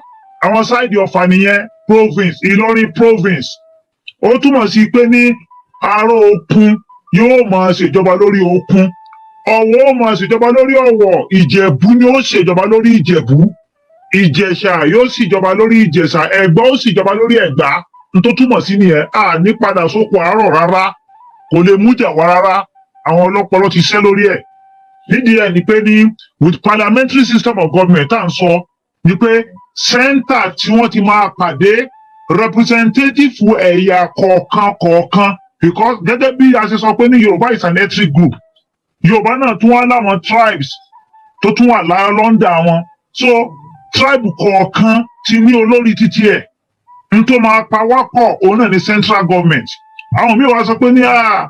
àwọn sáìdì ọ̀fà nìyẹn province, Ìlọrin province. Ó túmọ̀ sí pé ní ará òkun yóò máa ṣèjọba lórí òkun. Ọ̀wọ̀ ó máa ṣèjọba lórí Ọ̀wọ̀, Ìjẹ̀bú ni ó ṣèjọba lórí Ìjẹ̀bú. Ìjẹ̀ṣà yóò ṣèjọba lórí Ìjẹ̀ṣà, Ẹ̀gbá ó ṣèjọba lórí Ẹ̀gbá. N tó túmọ̀ sí nìyẹn, à ní padà sóko àárọ̀ rárá kò lè mú jà wá rárá àwọn ọlọ́pọlọ ti ṣẹ́ lórí ẹ̀ nídìí ẹ̀ ni pé ní with parliamentary system of government tá à ń sọ ni pé sẹ́ńtà tí wọ́n ti máa pàdé representative ẹ̀yà kọ̀ọ̀kan kọ̀ọ̀kan because gẹ́gẹ́ bí a ṣe sọ pé ní Yorùbá is an ethnic group Yorùbá náà tún wá láwọn tribes tó tún wà lára lọ́ndà wọn so tribe kọ̀ọ̀kan ti ní olórí títí ẹ̀ n tó máa pa wá pọ̀ òun náà ni central government àwọn míì wá sọ pé ní ah,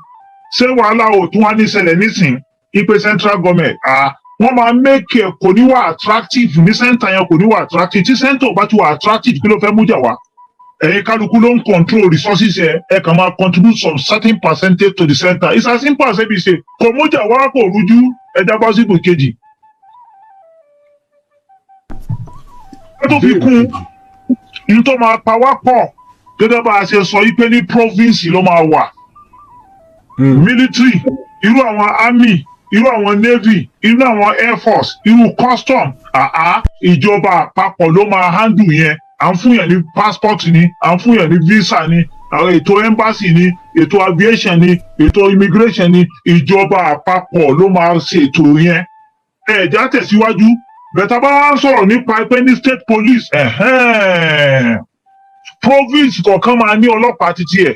ṣé wàhálà ò tún wá ní ṣẹlẹ̀ nísìn ipe central government ah, wọ́n máa make ẹ̀ kò ní wà attractive ní center yẹn kò ní wà attractive tí center ò bá ti wà attractive kí ló fẹ́ mú jà wá ẹ̀yin kálukú ló ń control resources yẹn ẹ kàn máa contribute some certain percentage to the center it's as simple as ebi ṣe kò mójà wá kò rújú ẹja bá síbò kejì. ẹ tó fi kún un n tó máa pa wá pọ̀ gẹ́gẹ́ bá a ṣe sọ yí pé ní province ló máa wà hmm. military irú àwọn army irú àwọn navy irú àwọn air force irú custom àá ìjọba àpapọ̀ ló máa handle yẹn à ń fún yẹn ní passport ni à ń fún yẹn ní visa ni ètò embassy ni ètò aviation ni ètò immigration ni ìjọba àpapọ̀ ló máa ṣètò yẹn ẹ̀já tẹ̀síwájú bẹ̀tà bá wá ń sọ̀rọ̀ nípa ẹgbẹ́ ní state police ẹ̀hẹ́n province kọ̀ọ̀kan máa ní ọlọ́pàá títí ẹ̀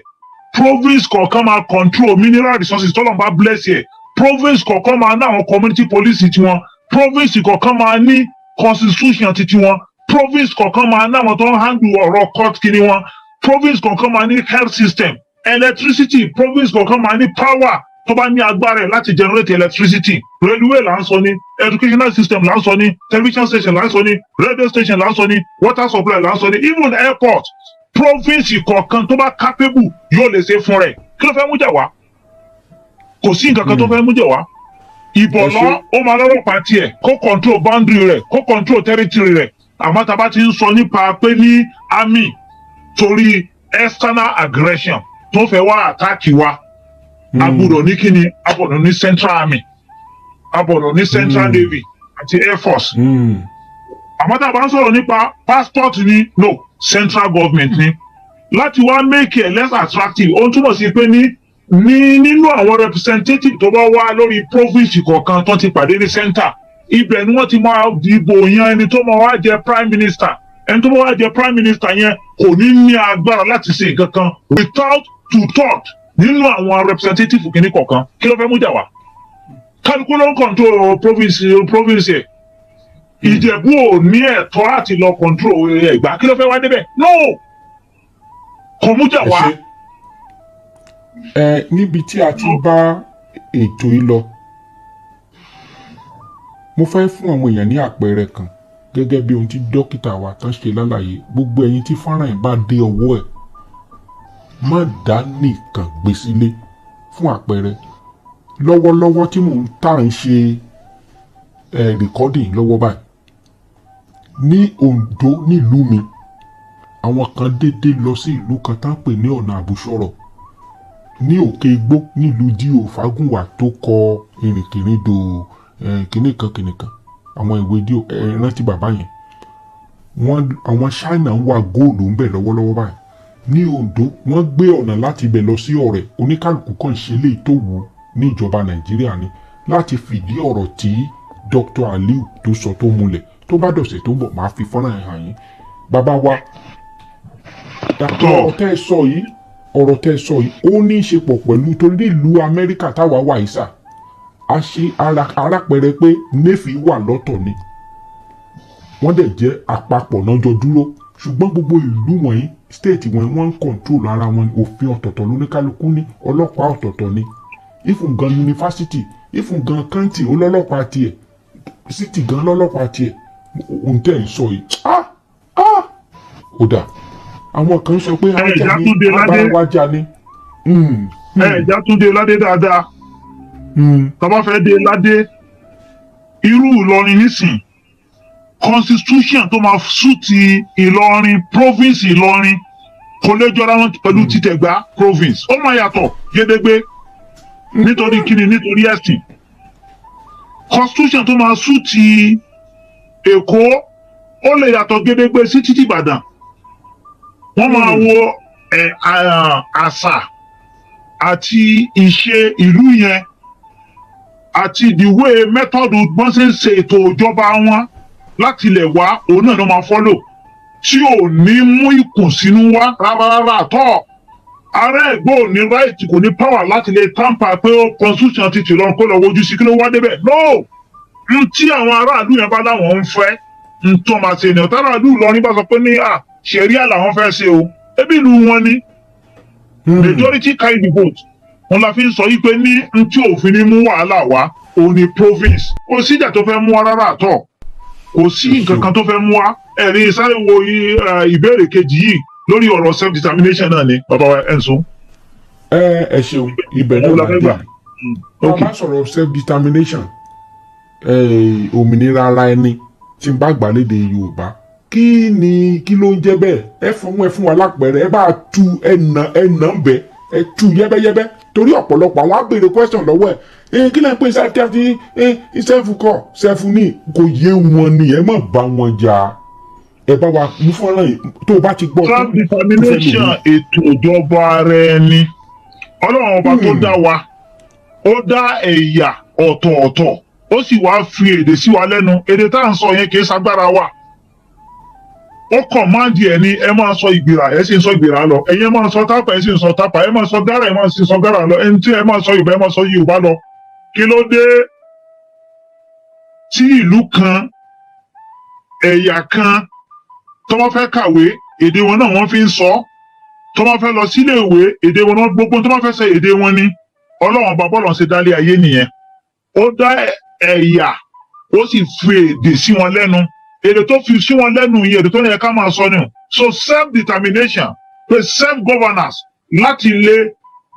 province kọ̀ọ̀kan máa control mineral resources tọ́lọ̀ bá bless ẹ̀ province kọ̀ọ̀kan máa ní àwọn community police tiwọn province kọ̀ọ̀kan máa ní constitution titi wọn province kọ̀ọ̀kan máa ní àwọn tó ń handle ọ̀rọ̀ court kiri wọn province kọ̀ọ̀kan máa ní health system electricity province kọ̀ọ̀kan máa ní power tó bá ní agbára ẹ̀ láti generate electricity railway là ń sọ ní educational system là ń sọ ní television station là ń sọ ní radio station là ń sọ ní water supply là ń sọ ní even airport province kọ̀ọ̀kan tó bá kápébù yóò lè ṣe fún rẹ̀ kí ló fẹ́ mú jà wá kò sí nǹkan kan tó hmm. fẹ́ mú jà wá ìbọ̀lọ́ ó máa lọ́lọ́pàá tiẹ̀ kó control boundary rẹ̀ kó control territory rẹ̀ àmọ́ tá a bá ti ń sọ nípa pé ní army torí external aggression tó fẹ́ wá àtáàkì wa a hmm. gbọ́dọ̀ ní kíni a gbọ́dọ̀ ní central army a ní central hmm. navy àti air force àmọ́ tá a bá ń sọ̀rọ̀ nípa passport ni no central government ni láti wá make it less attractive ó túmọ̀ sí pé ní ní nínú àwọn representative tó bá wá lórí province kọ̀ọ̀kan tó ti pàdé ní center ibẹ̀ ni wọ́n ti máa dìbò yan ẹni tó máa wá jẹ prime minister ẹni tó máa wá jẹ prime minister yẹn kò ní ní agbára láti ṣe nǹkan kan without to talk, nínú àwọn representative kìíní kọ̀ọ̀kan kí ló fẹ́ mú jà wá kálukú ló ń control province province yẹn ìjẹ̀bú ò ní ẹ̀tọ́ àti lọ kọ̀ǹtró ẹ̀gbá kí ló fẹ́ wá débẹ̀ no kò mú jà wá. ẹ níbi tí a ti bá ètò yìí lọ mo fẹ́ fún àwọn èèyàn ní àpẹẹrẹ kan gẹ́gẹ́ bí ohun tí dókítà wa tán ṣe lálàyé gbogbo ẹ̀yin tí fọ́nrán yìí bá dé ọwọ́ ẹ̀ má dá nìkan gbé sílé fún àpẹẹrẹ lọ́wọ́lọ́wọ́ tí mò ń tà ń ṣe ẹ̀ rìkọ́dìn lọ́wọ́ báyìí ní Oǹdó nílùú mi àwọn kan déédéé lọ sí ìlú kan tá à ń pè ní ọ̀nà àbúṣọ̀rọ̀ ní òkè igbó nílùú D.O. Fágúnwà tó kọ ìrìnkìrìndò kìnìkan kìnìkan àwọn ìwé D.O. rántí bàbá yẹn wọ́n àwọn ṣáínà ń wá góòlù ń bẹ lọ́wọ́lọ́wọ́ báyìí ní Oǹdó wọ́n gbé ọ̀nà láti ibẹ̀ lọ sí ọ̀rẹ́ oníkálukú kan ṣe lè tó wù ú ní ìjọba Nàìjíríà ni láti fìdí ọ̀rọ̀ tí Dr. Aliu tó sọ tó múlẹ̀ tó bá dọ̀sẹ̀ tó ń bọ̀ màá fi fọ́nrán hàn yín bàbá wa ọ̀rọ̀ tẹ́ ẹ sọ yìí ọ̀rọ̀ tẹ́ ẹ sọ yìí ó ní í ṣe pọ̀ pẹ̀lú torí nílùú amẹ́ríkà táwa wà yìí sà á ṣe arápẹrẹ pé néfì wà lọ́tọ̀ ni wọ́n dẹ̀ jẹ́ àpapọ̀ náà dúró ṣùgbọ́n gbogbo ìlú wọ̀nyí stéètì wọn wọ́n ń kọ̀ǹtrol ara wọn òfin ọ̀tọ̀ọ̀tọ̀ lóníkálukú ní ọlọ́pàá ọ̀tọ̀ọ̀tọ̀ ni ìfún yunifásitì ìfún gan kántì olọ́lọ́pàá tiẹ̀ sítì gan lọ́lọ́pàá tiẹ̀ ohun tẹ́ ń sọ yìí ah ah ó dà àwọn kan sọ pé eh, ajá ni abáwájá ni. ẹ hmm, hmm. eh, Játúndé ládé dáadáa hmm. tàbá fẹ́ dé ládé irú Ìlọrin nísìn constitution tó máa súùtì Ìlọrin province Ìlọrin kò lè jọra wọn pẹ̀lú títẹ̀gbá province ó máa yàtọ̀ gédégbé nítorí kíni nítorí ẹ̀sìn constitution tó máa súùtì. Èkó ó lè yàtọ̀ gédégbé sí títí Ìbàdàn wọ́n máa hmm. wo àṣà àti ìṣe ìlú yẹn àti ìdíwé mẹ́tọ́dù gbọ́n ṣe ń ṣe ètò ìjọba wọn láti lè wá òun náà ló máa fọ́lò tí ò ní mú ìkùnsínú wá rárára àtọ́ ààrẹ ẹ̀gbọ́n ò ní ráìtì kò ní pàwà láti lè tàǹpà pé ó constitution ti tìlọrin kó lọ wojú sí kí ló wá débẹ̀ No! n tí àwọn aráàlú yẹn bá láwọn ń fẹ́ n tó máa ṣe ni ọ̀tàràlú Ìlọrin bá sọ pé ní à ṣẹ̀ríà làwọn fẹ́ ṣe o ebi ìlú wọn ni hmm. majority carry the vote wọn la fi ń sọ yìí pé ní n tí òfin ní mú wàhálà wá òun ni province kò síjà tó fẹ́ mú wa rárá àtọ̀ kò sí nǹkan kan tó fẹ́ mú wa ẹ̀rín sáré wo eh, ìbéèrè kejì yìí lórí ọ̀rọ̀ self determination náà ni bàbá wa ẹ̀ ń sún. ẹ ẹ ṣeun ibẹ̀ náà máa gbà ọba hmm. sọ̀rọ̀ self determination. Eh, òmìnira ara ẹni tí n bá gbà lédè Yorùbá kí ni kí ló ń jẹ́ bẹ́ẹ̀ ẹ fún ẹ fún wa lápẹẹrẹ ẹ bá tu ẹnà ẹnà ń bẹ ẹ tu yẹ́bẹ́yẹ́bẹ́ torí ọ̀pọ̀lọpọ̀ àwọn á question lọ́wọ́ ẹ eh, kí lẹ́yìn pé sáfì ní sẹ́fù kọ̀ sẹ́fù ní kò yé wọn ni ẹ má bá wọn jà ẹ bá wa mú fọ́nrán yìí tó o bá ti gbọ́. self determination ètò ìjọba ara ẹni ọlọ́run ọba tó hmm. dá wa ó dá ẹ̀yà ọ̀tọ̀ọ̀tọ̀ ó sì wá fi èdè sí wa lẹ́nu èdè tá à ń sọ yẹn kì í ṣagbára wa ó kàn máa di ẹ̀ ní ẹ máa sọ ìgbìrà ẹ sì ń sọ ìgbìrà lọ ẹ̀yin ẹ máa sọ tápà ẹ sì ń sọ tápà ẹ máa sọ gárà ẹ máa sì ń sọ gárà lọ ẹni tí ẹ máa sọ yorùbá ẹ máa sọ yorùbá lọ kí ló dé tí ìlú kan ẹ̀yà kan tó bá fẹ́ kàwé èdè wọn náà wọ́n fi ń sọ tó bá fẹ́ lọ sílé ìwé èdè wọn náà gbogbo tó bá fẹ́ ṣe èdè wọn ni ọlọ́wọ́n bàbá ọlọ́run ṣe dálé ayé nìyẹn ó dá ẹ̀yà ó sì fi èdè sí wọn lẹ́nu èdè tó fi sí wọn lẹ́nu yìí èdè tó yẹ ká máa sọ ni so self determination pé self governance láti lè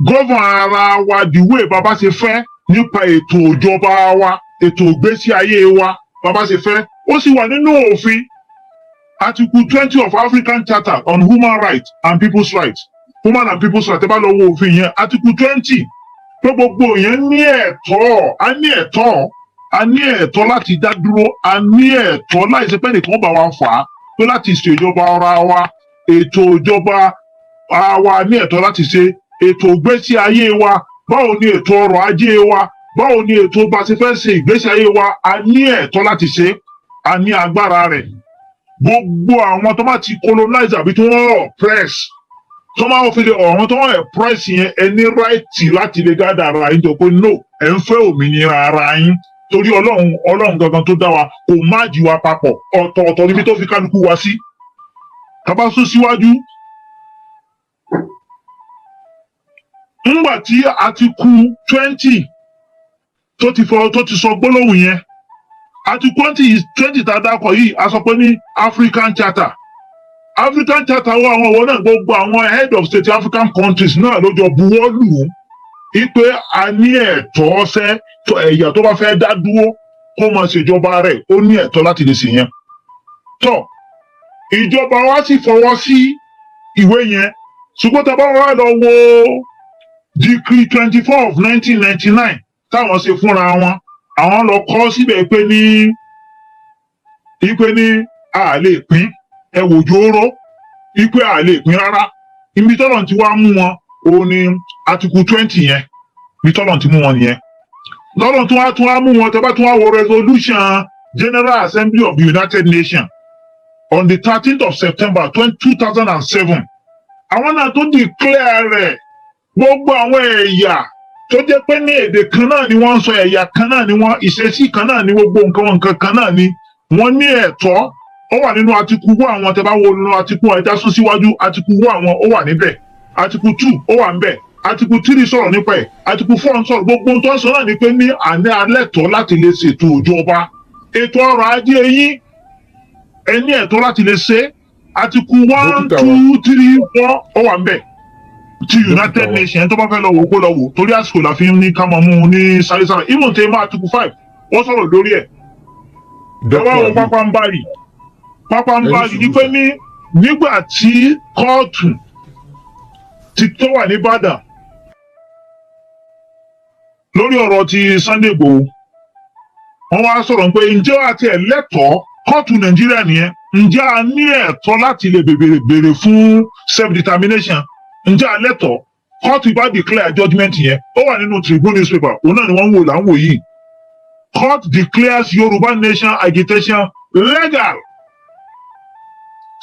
govern ara wa the way Baba ṣe fẹ́ nípa ètò ìjọba wa ètò ìgbésí ayé wa Baba ṣe fẹ́ ó sì wà nínú òfin article twenty of African Charter on human rights and people's rights human and people's rights ẹ bá lọ wo òfin yẹn article twenty pé gbogbo yẹn ní ẹ̀tọ́ á ní ẹ̀tọ́ a ní ẹ̀tọ́ láti dá dúró a ní ẹ̀tọ́ láì ṣe pé nìkan bá wa fà á pé láti ṣèjọba ara wa ètò ìjọba ara wa ní ẹ̀tọ́ láti ṣe ètò ìgbésí ayé wa báwo ni ètò ọrọ̀ ajé wa báwo ni ètò bá ṣe fẹ́ ṣe ìgbésí ayé wa a ní ẹ̀tọ́ láti ṣe a ní agbára rẹ̀ gbogbo àwọn tó bá ti colonize àbí tó wọ́n oppress tó máa fi lè ọ̀run tó wọ́n oppress yẹn ẹni ráìtì láti lè gádà ara yín tó pé no ẹ̀ ń fẹ́ òmìnira ara yín torí ọlọ́run ọlọ́run gangan tó dá wa kò má jì wá papọ̀ ọ̀tọ̀ọ̀tọ̀ níbi tó fi kálukú wa sí kábà sún síwájú. nígbà tí a ti ku twenty tó ti fọ tó ti sọ gbólóhùn yẹn a ti twenty twenty tá a dákọ̀ yìí a sọ pé ní African Charter African Charter wọ àwọn ọ̀wọ́ náà gbogbo àwọn head of state African countries náà ló jọ buwọ́ lù ú wípé a ní ẹ̀tọ́ ọ̀sẹ́ ẹ̀yà tó bá fẹ́ dá dúró kó máa ṣèjọba rẹ̀ ó ní ẹ̀tọ́ láti lè ṣèyẹn tọ́ ìjọba wa sì fọwọ́ sí ìwé yẹn ṣùgbọ́n tá a bá wá lọ wo decree twenty four of nineteen ninety nine táwọn ṣe fúnra wọn àwọn lọ kọ síbẹ̀ pé ní ipe ní a lè pín ẹwò jòòrò ipe a lè pín rárá ibi tọ́lọ̀ ti wá mú wọn òun ni article twenty yẹn ibi tọ́lọ̀ ti mú wọn nìyẹn lọ́rọ̀ tí wọ́n tún á mú wọn tẹ́ bá tún á wo resolution General Assembly of the United Nations on the thirteenth of September two thousand and seven àwọn náà tún declare rẹ̀ gbogbo àwọn ẹ̀yà tó jẹ́ pé ní èdè kan náà ni wọ́n ń sọ ẹ̀yà kan náà ni wọ́n ìṣesí kan náà ni gbogbo nǹkan nǹkan kan náà ni wọ́n ní ẹ̀tọ́ ó wà nínú atiku wọ àwọn tẹ́ bá wo nínú atiku ẹja sún síwájú atiku wọ àwọn ó wà níbẹ̀ atiku two ó wà níbẹ̀ article three sọ̀rọ̀ nípa ẹ̀ article four sọ̀rọ̀ gbogbo tó ń sọ náà ni pé ní àní alẹ́ tọ́ láti lè ṣètò ìjọba ètò ọrọ̀ ajé yín ẹni ẹ̀tọ́ láti lè ṣe article one two three four ó wà ń bẹ̀ ti united nations tó bá fẹ́ lọ wò kó lọ wò torí àsìkò la fi ní ká máa mú un ní sáré-sáré even tey ma five wọ́n sọ̀rọ̀ lórí ẹ̀ ẹ wá wo pápá ń bárì pápá ń bárì ni pé ní nígbà tí kóòtù ti tó wà ní Ìbàdàn lórí ọ̀rọ̀ ti Sunday Igboho wọ́n wá sọ̀rọ̀ pé ǹjẹ́ àti ẹ̀ lẹ́tọ̀ọ́ kóòtù Nàìjíríà nìyẹn ǹjẹ́ a ní ẹ̀tọ́ láti lè béèrè fún self determination ǹjẹ́ a lẹ́tọ̀ọ́ kóòtù bá declare judgement yẹn ó wà nínú Tribune newspaper òun náà ni wọ́n ń wò là ń wò yìí court declares Yorùbá nation agitation legal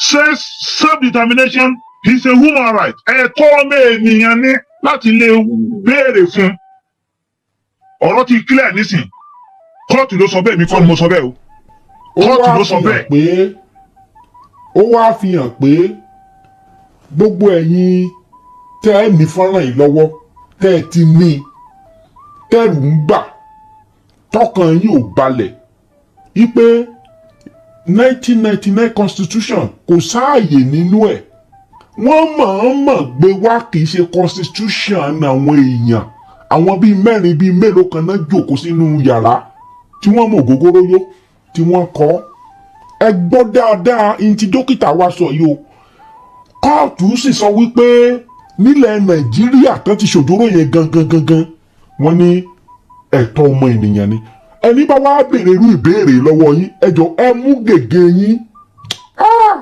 says self determination is a human right ẹ̀tọ́ ọmọ ènìyàn ní láti lè béèrè fún ọ̀rọ̀ ti clear nísìn kóòtù ló sọ bẹ́ẹ̀ mi kọ́ ni mo sọ bẹ́ẹ̀ o kóòtù ló sọ bẹ́ẹ̀. ó wá fi hàn pé gbogbo ẹ̀yin tẹ́ ẹ ní fọ́nrán yìí lọ́wọ́ tẹ́ ẹ ti ní tẹ́rù ń bà tọkàn yín ò balẹ̀ wípé nineteen ninety nine constitution kò sáàyè nínú ẹ̀ wọ́n mọ̀ọ́mọ̀ gbé wá kì í ṣe constitution àwọn èèyàn àwọn bíi mẹ́rin bíi mélòó kan náà jókòó sínú yàrá tí wọ́n mọ ògógóró yó tí wọ́n kọ́ ẹ gbọ́ dáadáa ní ti dókítà wa sọ yìí o kóòtù sì sọ wípé nílẹ̀ nàìjíríà kan ti ṣòjóró yẹn gangan gangan wọ́n ní ẹ̀tọ́ ọmọ ènìyàn ni ẹni bá wá béèrè irú ìbéèrè lọ́wọ́ yín ẹ jọ ẹ mú gègé yín ah!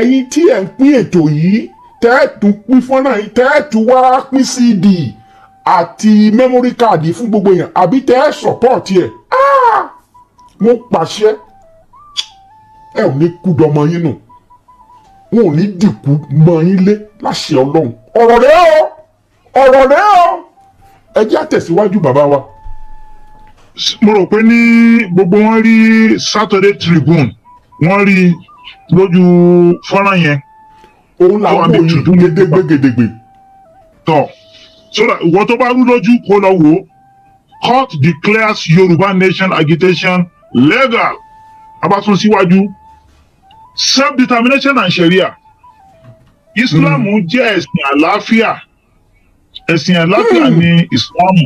ẹ̀yin tí ẹ̀ ń pín ètò yìí tẹ́ẹ̀tù pín fọ́nrán yìí tẹ́ẹ̀tù wá pín cd àti memory card fún gbogbo èèyàn àbí tẹ́ ẹ support ẹ̀ ah! wọ́n pàṣẹ ẹ ò ní kú dọmọ yín nù wọn ò ní dìkú mọ yín lé láṣẹ ọlọ́run ọ̀rọ̀ rẹ o ọ̀rọ̀ rẹ o ẹ jẹ́ àtẹ̀síwájú bàbá wa. mo rò pé ní gbogbo wọn rí Saturday Tribune wọ́n rí lójú fọ́nrán yẹn. òun làwọn òyìn gédégbé gédégbé. tọ́ so that ìwọ tó bá court declares Yoruba nation agitation legal abatun síwájú self determination and sharia Islam hmm. jẹ́ ẹ̀sìn àlàáfíà ẹ̀sìn àlàáfíà hmm. ni Islam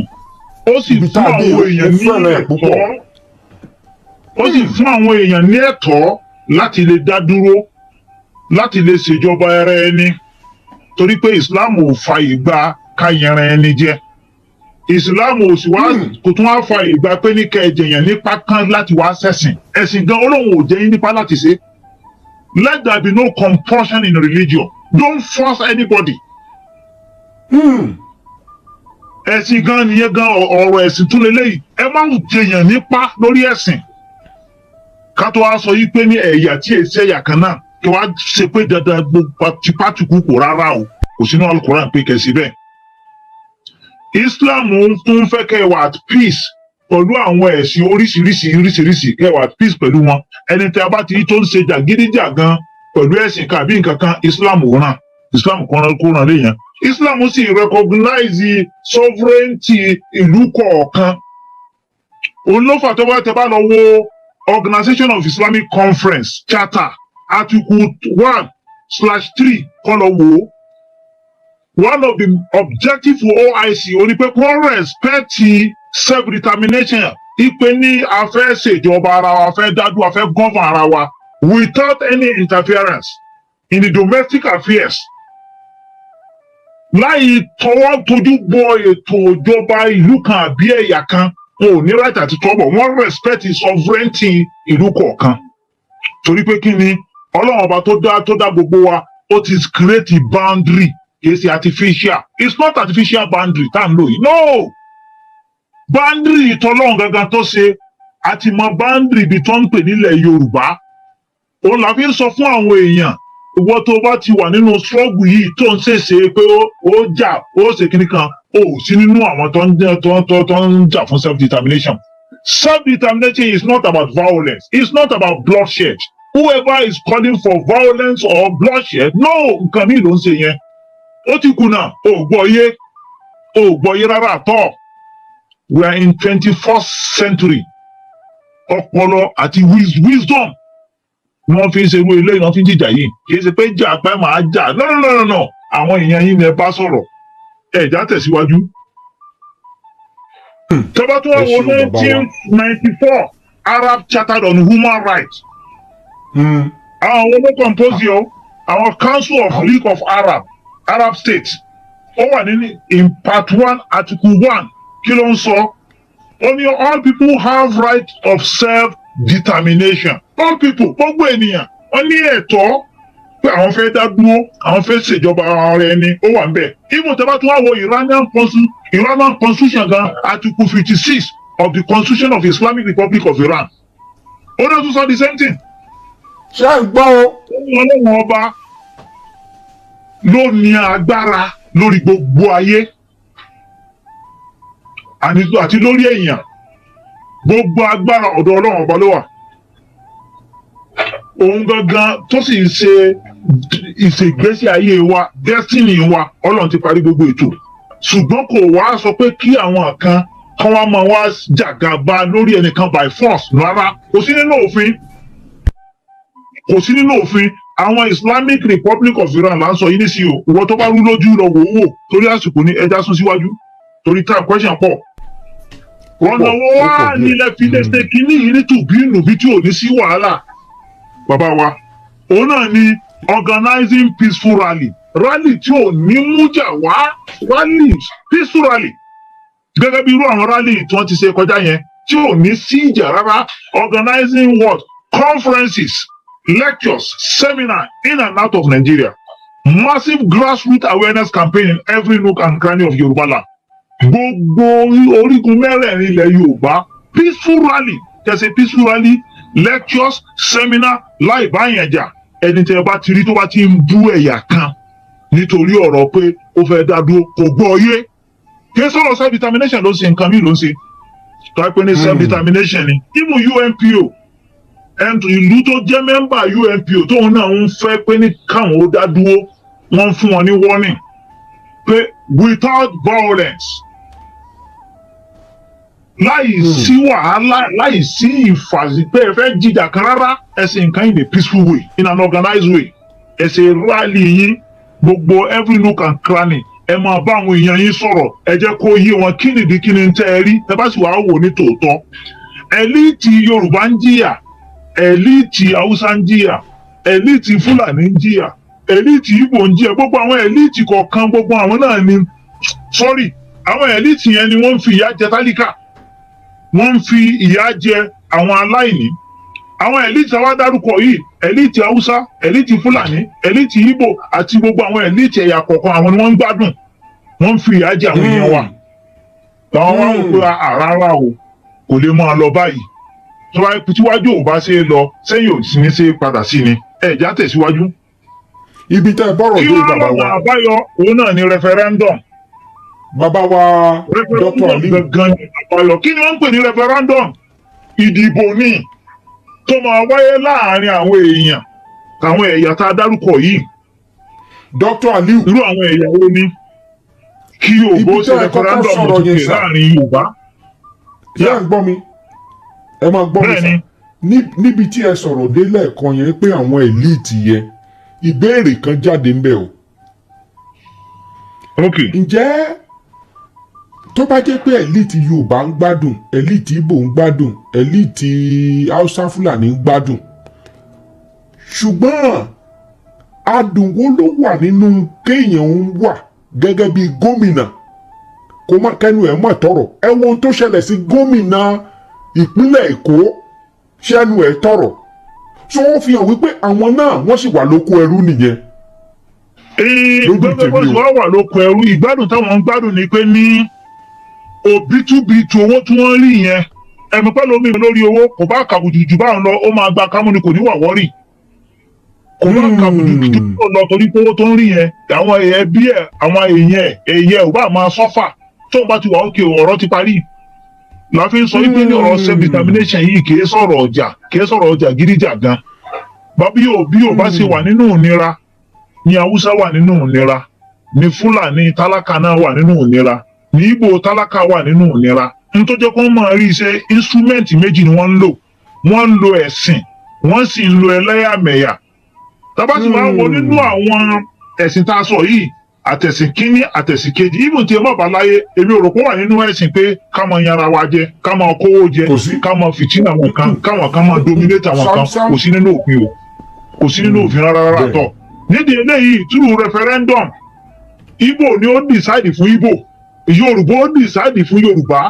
ó sì fún àwọn èèyàn ní ẹ̀tọ́ ó sì hmm. fún àwọn èèyàn ní ẹ̀tọ́ láti lè dá dúró láti lè ṣèjọba ara ẹni torí pé Islam ò fàyè gba ká yẹran ẹni jẹ ìsìláàmù ò sì wá hmm. kò tún wá fa ìgbà pé ní kẹ ẹjẹyàn nípa kan láti wá ṣẹ̀sìn ẹ̀sìn gan olóhùn ò jẹ́ yín nípa láti ṣe let there be no compulsion in religion don't force anybody. Hmm. ẹ̀sìn gan nìyẹn gan ọ̀rọ̀ ẹ̀sìn tún lélẹ́yìí ẹ má ń jẹyàn nípa lórí ẹ̀sìn ká tó wá sọ yìí pé ní ẹ̀yà tí èyí ẹ̀yà kan náà kí wàá ṣe pé dandan gbogbo tipátìkù kò rárá o kò sínú alukóra pé kẹsì bẹ́ẹ̀. Islam ń kún fẹ́ kẹ́ wà at peace pẹ̀lú àwọn ẹ̀sìn oríṣiríṣi oríṣiríṣi kẹ́ wà at peace pẹ̀lú wọn ẹni tí a bá ti tó ń ṣe jàgídíjàgan pẹ̀lú ẹ̀sìn kàbí nǹkan kan Islam ò ràn Islam kò ràn kò ràn léèyàn Islam sì recognize sovereignty ìlú kọ̀ọ̀kan òun ló fà tó bá tẹ bá lọ wo Organization of Islamic Conference Charter article one slash three kọ́ lọ wò ó one of the objective for OIC ó ní pé kó respect self determination ipe ní a fẹ́ ṣèjọba ara wa a fẹ́ dájú a fẹ́ govern ara wa without any interference in the domestic affairs láì tọwọ́ tójú bọ ètò ìjọba ìlú kan àbí ẹ̀yà kan wọn ò ní right àti trouble wọn respect sovereignty ìlú kọ̀ọ̀kan torí pé kí ni ọlọ́run ọba tó dá tó dá gbogbo wa ó ti create a boundary kì artificial it's not artificial boundary Tan à ń no boundary tọ́lọ́run gangan tó ṣe àti mọ boundary ibi tó ń pè nílẹ̀ Yorùbá òun la fi ń sọ fún àwọn èèyàn ìwọ tó bá ti wà nínú struggle yìí tó ń ṣèṣe pé ó jà ó ṣe kíní kan ó sí nínú àwọn tó ń jà fún self determination self determination is not about violence it's not about bloodshed whoever is calling for violence or bloodshed no nǹkan mi ló ń ṣe yẹn ó ti kùnà ò gbọ́yé ò gbọ́yé rárá tọ́ we are in twenty first century ọpọlọ àti wisdom ni wọ́n fi ń ṣerú eléyìí wọ́n fi ń jìjà yìí kì í ṣe pé jà pé màá jà nọ́nọ́nọ́nọ́ àwọn èèyàn yìí ni ẹ bá sọ̀rọ̀ ẹ̀já tẹ̀síwájú. tọ́ba tó wà wọ nineteen ninety four Arab Charter on Human Rights. Hmm. àwọn olókòǹpọ̀sì o àwọn Council of ah. League of Arab arab state ó wà ní in part one article one kí ló ń sọ ó all people have right of self determination all people gbogbo ènìyàn wọ́n ní ẹ̀tọ́ pé àwọn fẹ́ dá dúró àwọn fẹ́ ṣèjọba ara ẹni ó wà níbẹ̀ even tí a bá tún wá wo iranian constitution iranian constitution gan article fifty six of the constitution of islamic republic of iran ó náà tún sọ the same thing. ṣé ẹ gbọ́ o. ó ní ọlọ́run ọba ló ní agbára lórí gbogbo ayé àti lórí èèyàn gbogbo agbára ọ̀dọ̀ ọlọ́run ọba ló wà òun gangan tó sì ń ṣe ìṣègbésí ayé wa destiny wa ọlọ́run ti parí gbogbo ètò ṣùgbọ́n kò wá sọ pé kí àwọn kan kan wá máa wá jàgàba lórí ẹnìkan by force rárá kò sí nínú òfin kò sí nínú òfin àwọn Islamic Republic of Iran là ń sọ yìí nísì o ìwọ tó bá rú lójú lọ wò ó wò torí àsìkò ní ẹja sún síwájú torí time question pọ̀ ọ̀nà wo wá nílẹ̀ fi lè hmm. ṣe kínní yìí ní tùbínú bí tí ò ní sí wàhálà bàbá wa òun náà ni organizing peaceful rally rally tí ò ní mújà wá rally peaceful rally gẹ́gẹ́ bí irú àwọn rally tí wọ́n ti ṣe kọjá yẹn tí ò ní sí ìjà rárá organizing what conferences lectures, seminar in and out of Nigeria, massive grassroots awareness campaign in every nook and cranny of Yoruba land. Gbogbo orígun ilẹ̀ Yorùbá peaceful rally there's a peaceful rally lectures seminar live báyẹn jà ẹni tẹ́ bá ti rí tó bá ti ń bú ẹ̀yà kan nítorí ọ̀rọ̀ pé ó fẹ́ dá dúró kò gbọ́ yé kí sọ̀rọ̀ self determination ló ń ṣe nǹkan mi ló ń ṣe tọ́pẹ́ ní hmm. self determination ni even UNPO ìlú tó jẹ́ mẹ́mbà UNPO tóun náà ń fẹ́ pé ní káwọn ó dá dúró wọ́n fún wọn ní warning pé without violence láì hmm. sí wàhálà láì sí ìfàsí pé ẹ fẹ́ jìjà kan rárá ẹ ṣe nǹkan in a peaceful way in an organized way ẹ ṣe rally yín gbogbo every nook and cranny ẹ máa bá àwọn èèyàn yín sọ̀rọ̀ ẹ jẹ́ kó yé wọn kí nìdí kí ni tẹ́ ẹ rí ẹ bá sì wàá wò ní tòótọ́ ẹlíìtì Yorùbá ń jìyà ẹ̀líìtì haúsá ń jìyà ẹ̀líìtì fúlàní ń jìyà ẹ̀líìtì ìgbò ń jìyà gbogbo àwọn ẹ̀líìtì kọ̀ọ̀kan gbogbo àwọn náà ni sọ́rí àwọn ẹ̀líìtì yẹn ni wọ́n ń fi ìyà jẹ tálíkà wọ́n ń fi ìyà jẹ àwọn aláìní àwọn ẹ̀líìtì àwa yìí ẹ̀líìtì haúsá ẹ̀líìtì fúlàní ẹ̀líìtì ìgbò àti gbogbo àwọn ẹ̀líìtì ẹ̀yà kọ̀ọ̀kan àwọn ni wọ́n ń gbádùn wọ́n fi ìyà jẹ àwọn èèyàn wa hmm. àwọn wọn rò pé àràrà ah, o kò lè máa lọ báyìí tó bá tíwájú ò bá ṣe é lọ sẹ́yìn ò sì ní ṣe é padà sí ni ẹ̀já tẹ̀síwájú. ibi tẹ́ ẹ bọ́rọ̀ dé bàbá wa. kí wọ́n lọ́nà àbáyọ òun náà ni referendum. bàbá wa dr lee. gangan àbáyọ kí ni wọ́n ń pè ní referendum ìdìbò ni tó máa wáyé láàárín àwọn èèyàn àwọn ẹ̀yà tá a dárúkọ yìí. dr aliu. irú àwọn ẹ̀yà wo ni kí Yorùbá ó ṣe referendum tó kè láàárín Yorùbá. ìyá ń gbọ́ mi. ẹ máa gbọ́ mi sá níbi tí ẹ sọ̀rọ̀ dé lẹ́ẹ̀kan yẹn pé àwọn elite yẹn ìbéèrè kan jáde ń bẹ̀ o. ok ǹjẹ́ tó bá jẹ́ pé elite Yorùbá ń gbádùn elite Igbo ń gbádùn elite Hausa Fúlàní ń gbádùn ṣùgbọ́n adùn ló wà nínú kéèyàn ń wà gẹ́gẹ́ bí gómìnà kó má kẹ́nu ẹ̀ mọ̀ tọrọ ẹ̀ wo ohun tó ṣẹlẹ̀ sí gómìnà. ìpínlẹ̀ èkó ṣẹ́nu ẹ̀ tọ̀rọ̀ so wọ́n fi hàn wípé àwọn náà wọ́n sì wà lóko ẹrú nìyẹn. ìgbẹ́gbẹ́ bó ti wá wà lóko ẹrú ìgbádùn táwọn ń gbádùn ni pé ní òbítúbitù owó tí wọ́n rí yẹn ẹ̀mí pẹ́ lómi lórí owó kò bá kàbùjù jù báwọn lọ ó máa gba kámú ni kò ní wà wọ́rì kò bá hmm. kàbùjù jù tó lọ torí pé owó tó ń rí yẹn àwọn ẹbí ẹ àwọn èèyàn ẹ èèyàn ò bá máa sọ́fà tóun bá ti wà ókè ọ̀rọ̀ ti parí láfi sọ wípé ní ọ̀rọ̀ self determination yìí kì í sọ̀rọ̀ ọjà kì í sọ̀rọ̀ ọjà gidija gan bí yóò bí yóò bá ṣe wà nínú ìnira ni haúsá wà nínú ìnira ni fúlàní tálákà náà wà nínú ìnira ni ìgbò tálákà wà nínú ìnira n tó jẹ́ kó máa rí iṣẹ́ instrument méjì ni wọ́n ń lò wọ́n ń lo ẹ̀sìn wọ́n sì ń lo ẹlẹ́yàmẹ̀yà tá bá sì wọ nínú àwọn ẹ̀sìn tá a sọ yìí àtẹ̀sìn kínní àtẹ̀sìn kejì ibùn tí ẹ má bàa láyé èmi ò rò pé wà nínú ẹ̀sìn pé ká máa yanra wa jẹ ká máa kówó jẹ ká máa fìtínà àwọn kan káwọn kan máa dominate àwọn kan kò sí nínú òfin o kò sí nínú òfin rárá rárá tọ nídìí eléyìí through referendum Igbo ni ó decide fún Igbo Yorùbá ó decide fún Yorùbá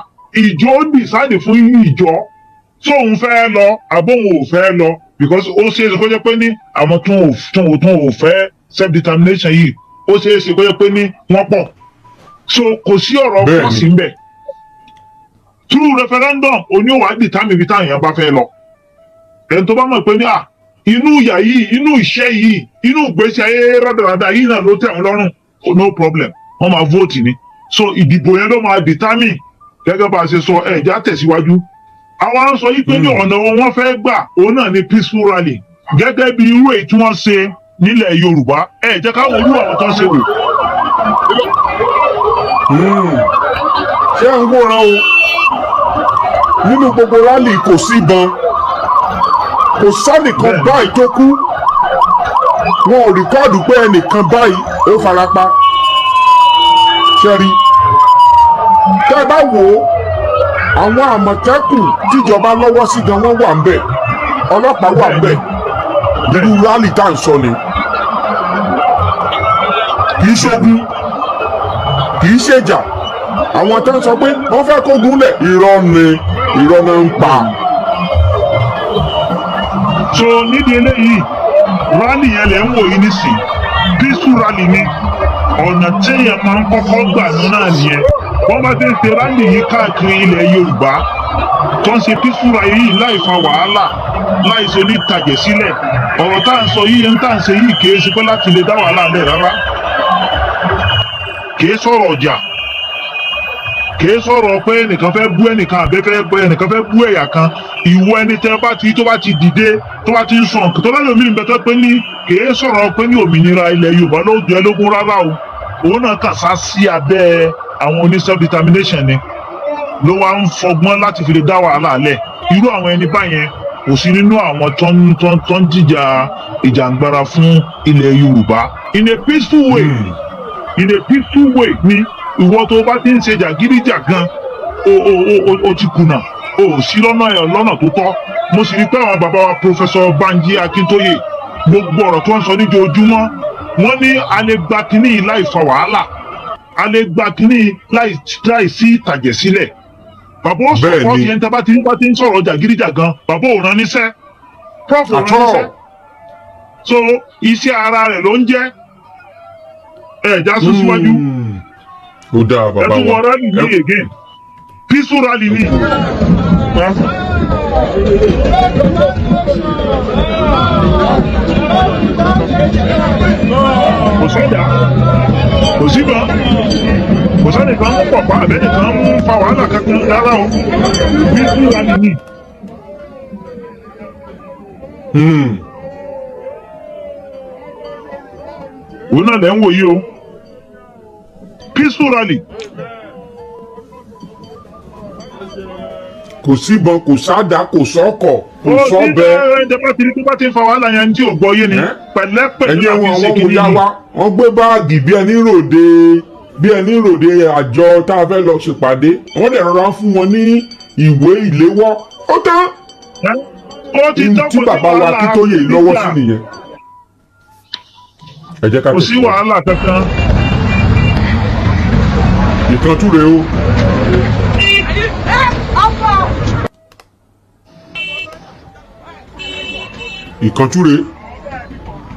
ìjọ ó decide fún ìjọ tóun fẹ́ lọ àbóhun ò fẹ́ lọ because ó ṣeé ṣe kó jẹ́ pé ní àwọn tóun ò fẹ́ self determination yìí ó ṣeé ṣe kó yẹ pé ní wọ́n pọ̀ so kò sí ọ̀rọ̀ pọ̀ sí mbẹ̀ through referendum oní òwà dìtámì ibi táwọn èèyàn bá fẹ́ lọ ẹni tó bá mọ̀ pé ní à inú ìyà yìí inú ìṣẹ́ yìí inú ìgbésí ayé rádaràda yìí náà ló tẹ̀ wọ́n lọ́rùn oh, no problem wọ́n máa vote ni so ìdìbò yẹn ló máa dìtámì gẹ́gẹ́ bá a ṣe sọ ẹ̀já tẹ̀síwájú àwọn á sọ yìí pé ní hmm. ọ̀nà wọn fẹ́ gbà òun náà ni peaceful rally gẹ́gẹ́ bí irú èyí tí wọ́n ṣe nílẹ̀ yorùbá ẹ jẹ́ ká wo irú àwọn tó ń ṣe lò. Hmm. ṣé ń wòran o nínú gbogbo rálì kò sí ìbọn kò sánìkan báyìí tó kú wọn ò rìkọ́ọ̀dù pé ẹnìkan báyìí ó farapa ṣẹ́rí tẹ́ bá wò ó àwọn àmọ̀tẹ́kùn tíjọba lọ́wọ́ sí gan wọ́n wà ń bẹ̀ ọlọ́pàá wà ń bẹ̀ irú rálì tá à ń sọ ni kì í ṣogun kì í ṣèjà àwọn tó ń sọ pé wọ́n fẹ́ kógun lẹ̀ irọ́ ni irọ́ ni ń pa. so nídìí eléyìí rálì yẹn lè ń wò yín nísìn bísú rálì ni ọ̀nà téèyàn máa ń kọ́kọ́ gbà náà nìyẹn wọ́n bá ti ń ṣe rálì yìí káàkiri ilẹ̀ yorùbá tó ń ṣe bísú rálì yìí láì fa wàhálà láì ṣe onítàjẹ̀ sílẹ̀ ọ̀rọ̀ tá à ń sọ yìí ń tà ń ṣe yìí kì ṣe pé láti lè dá wàhálà lẹ̀ rárá kìí sọ̀rọ̀ ọjà kìí sọ̀rọ̀ pé ẹnìkan fẹ́ bú ẹnìkan àbẹ́kẹ́ pé ẹnìkan fẹ́ bú ẹ̀yà kan ìwọ ẹni tẹ́ bá ti tó bá ti dìde tó bá ti ń sọ nǹkan tó bá lómi ìbẹ́tọ́ pé ní kìí sọ̀rọ̀ pé ní òmìnira ilẹ̀ Yorùbá ló jẹ́ lógún rárá o òun náà kà sá sí abẹ́ àwọn oní self determination ni ló wá ń fọgbọ́n láti fi lè dá wàhálà lẹ̀ irú àwọn ẹni báyẹn kò sí nínú àwọn tó ń tó ń jìjà ìjàngbara fún ilẹ̀ Yorùbá in a peaceful way. Mm in a peaceful way ni ìwọ tó bá ti ń ṣe jàgídíjà gan o o o o ti kùnà o ò sí lọ́nà ẹ̀ lọ́nà tó tọ́ mo sì rí pé àwọn bàbá wa pòfẹsọ Banji Akintoye gbogbo ọ̀rọ̀ tó ń sọ níjoojúmọ́ wọ́n ní a lè gba kínní yìí láì fa wàhálà a lè gba kínní láì sí ìtàjẹ̀ sílẹ̀ bàbá ó sọ fọ́ọ̀tì ẹni tá bá ti ń bá ti ń sọ̀rọ̀ jàgídíjà gan bàbá ò rán níṣẹ́ prof ò rán níṣẹ́ so iṣẹ́ ara rẹ̀ ló ń jẹ́ ẹ̀já sún síwájú. Hmm. ó dáa bàbá wa ẹ̀tún wọn rálì ní again peaceful rally ni. kò sọ́jà kò síbọn kò sẹ́nìkan mú pọ̀pọ̀ àbẹ́nìkan mú fa wàhálà kankan rárá o peaceful rally ni. Hmm. òun náà lẹ́ ń wòye o peaceful rally. kò síbọn kò sáàdá kò sọ́kọ̀ kò sọ́bẹ. ó ní ẹ̀ẹ́dẹ́gbà tí tó bá ti ń fa wàhálà yẹn tí ò gbọ́ yé ni pẹ̀lẹ́pẹ̀lẹ́ àfi ṣe kiri ni. wọ́n gbé báàgì bí ẹni ròde bí ẹni ròde àjọ tá a fẹ́ lọ ṣèpàdé wọ́n dẹ̀ rọra fún wọn ní ìwé ìléwọ́ ó tán. ó ti dọ́kun sí wàhálà àti ìlà kò sí wàhálà kankan ìtọ́jú rèé o. ìkánjú rèé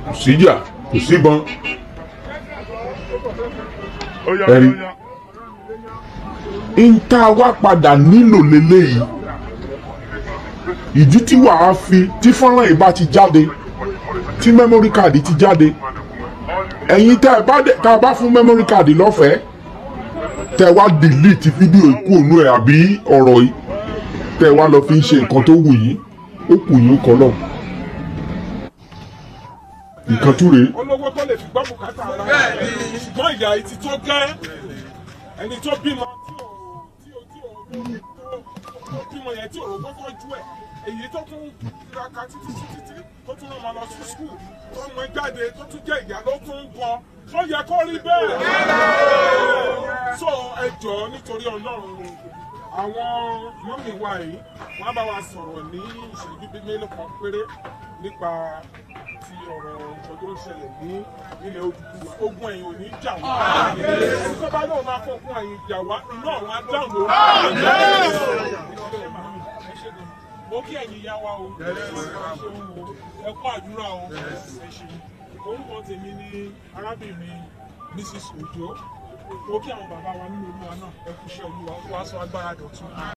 kò síjà kò síbọn ẹ̀rí ń tá a wá padà nílò leléyìí ìdí tí wàá fi tí fọ́nrán yìí bá ti jáde tí mẹ́mórí káàdì ti jáde ẹ̀yin tá a bá fún mẹ́mórí káàdì lọ́fẹ̀ẹ́ tẹ wá delete fídíò ikú òun ẹ̀ àbí ọ̀rọ̀ yìí tẹ wá lọ fi ń ṣe nǹkan tó wù yín ó kù yín kan náà nǹkan tó rèé. olówó tó lè fi gbọ́ bùkátà ara rẹ̀ ṣùgbọ́n ìyá yìí tó gẹ́ ẹni tó bímọ tí o tí o bímọ yẹn tí o rò kọ́kọ́ ju ẹ̀ èyí tó tún tiraka títí títí tó tún rán wọn lọ sí skul tó mú jáde tó tún jẹ́ ìyá ló tún ń bọ tó yẹ kó rí bẹ́ẹ̀ so ẹ jọ̀ọ́ nítorí ọlọ́run ni àwọn mọ́mì wa yìí wọ́n á bá wa sọ̀rọ̀ ní ìṣẹ́jú bíi mélòó kan péré nípa ti ọ̀rọ̀ ìjọ tó ń ṣẹlẹ̀ ní ilẹ̀ Odùduwà ogun ẹ̀yìn ò ní jà wá. tó bá lóun máa kó ogun jà wá inú àwọn adáhùn mo kí ẹ̀yin yá wa o ẹ kú àdúrà o ẹ ṣeun orúkọ tèmi ni arábìnrin Mrs Ojo mo kí àwọn bàbá wa nínú olúwa náà ẹ kú iṣẹ́ olúwa olúwa sọ agbára dọ̀tun.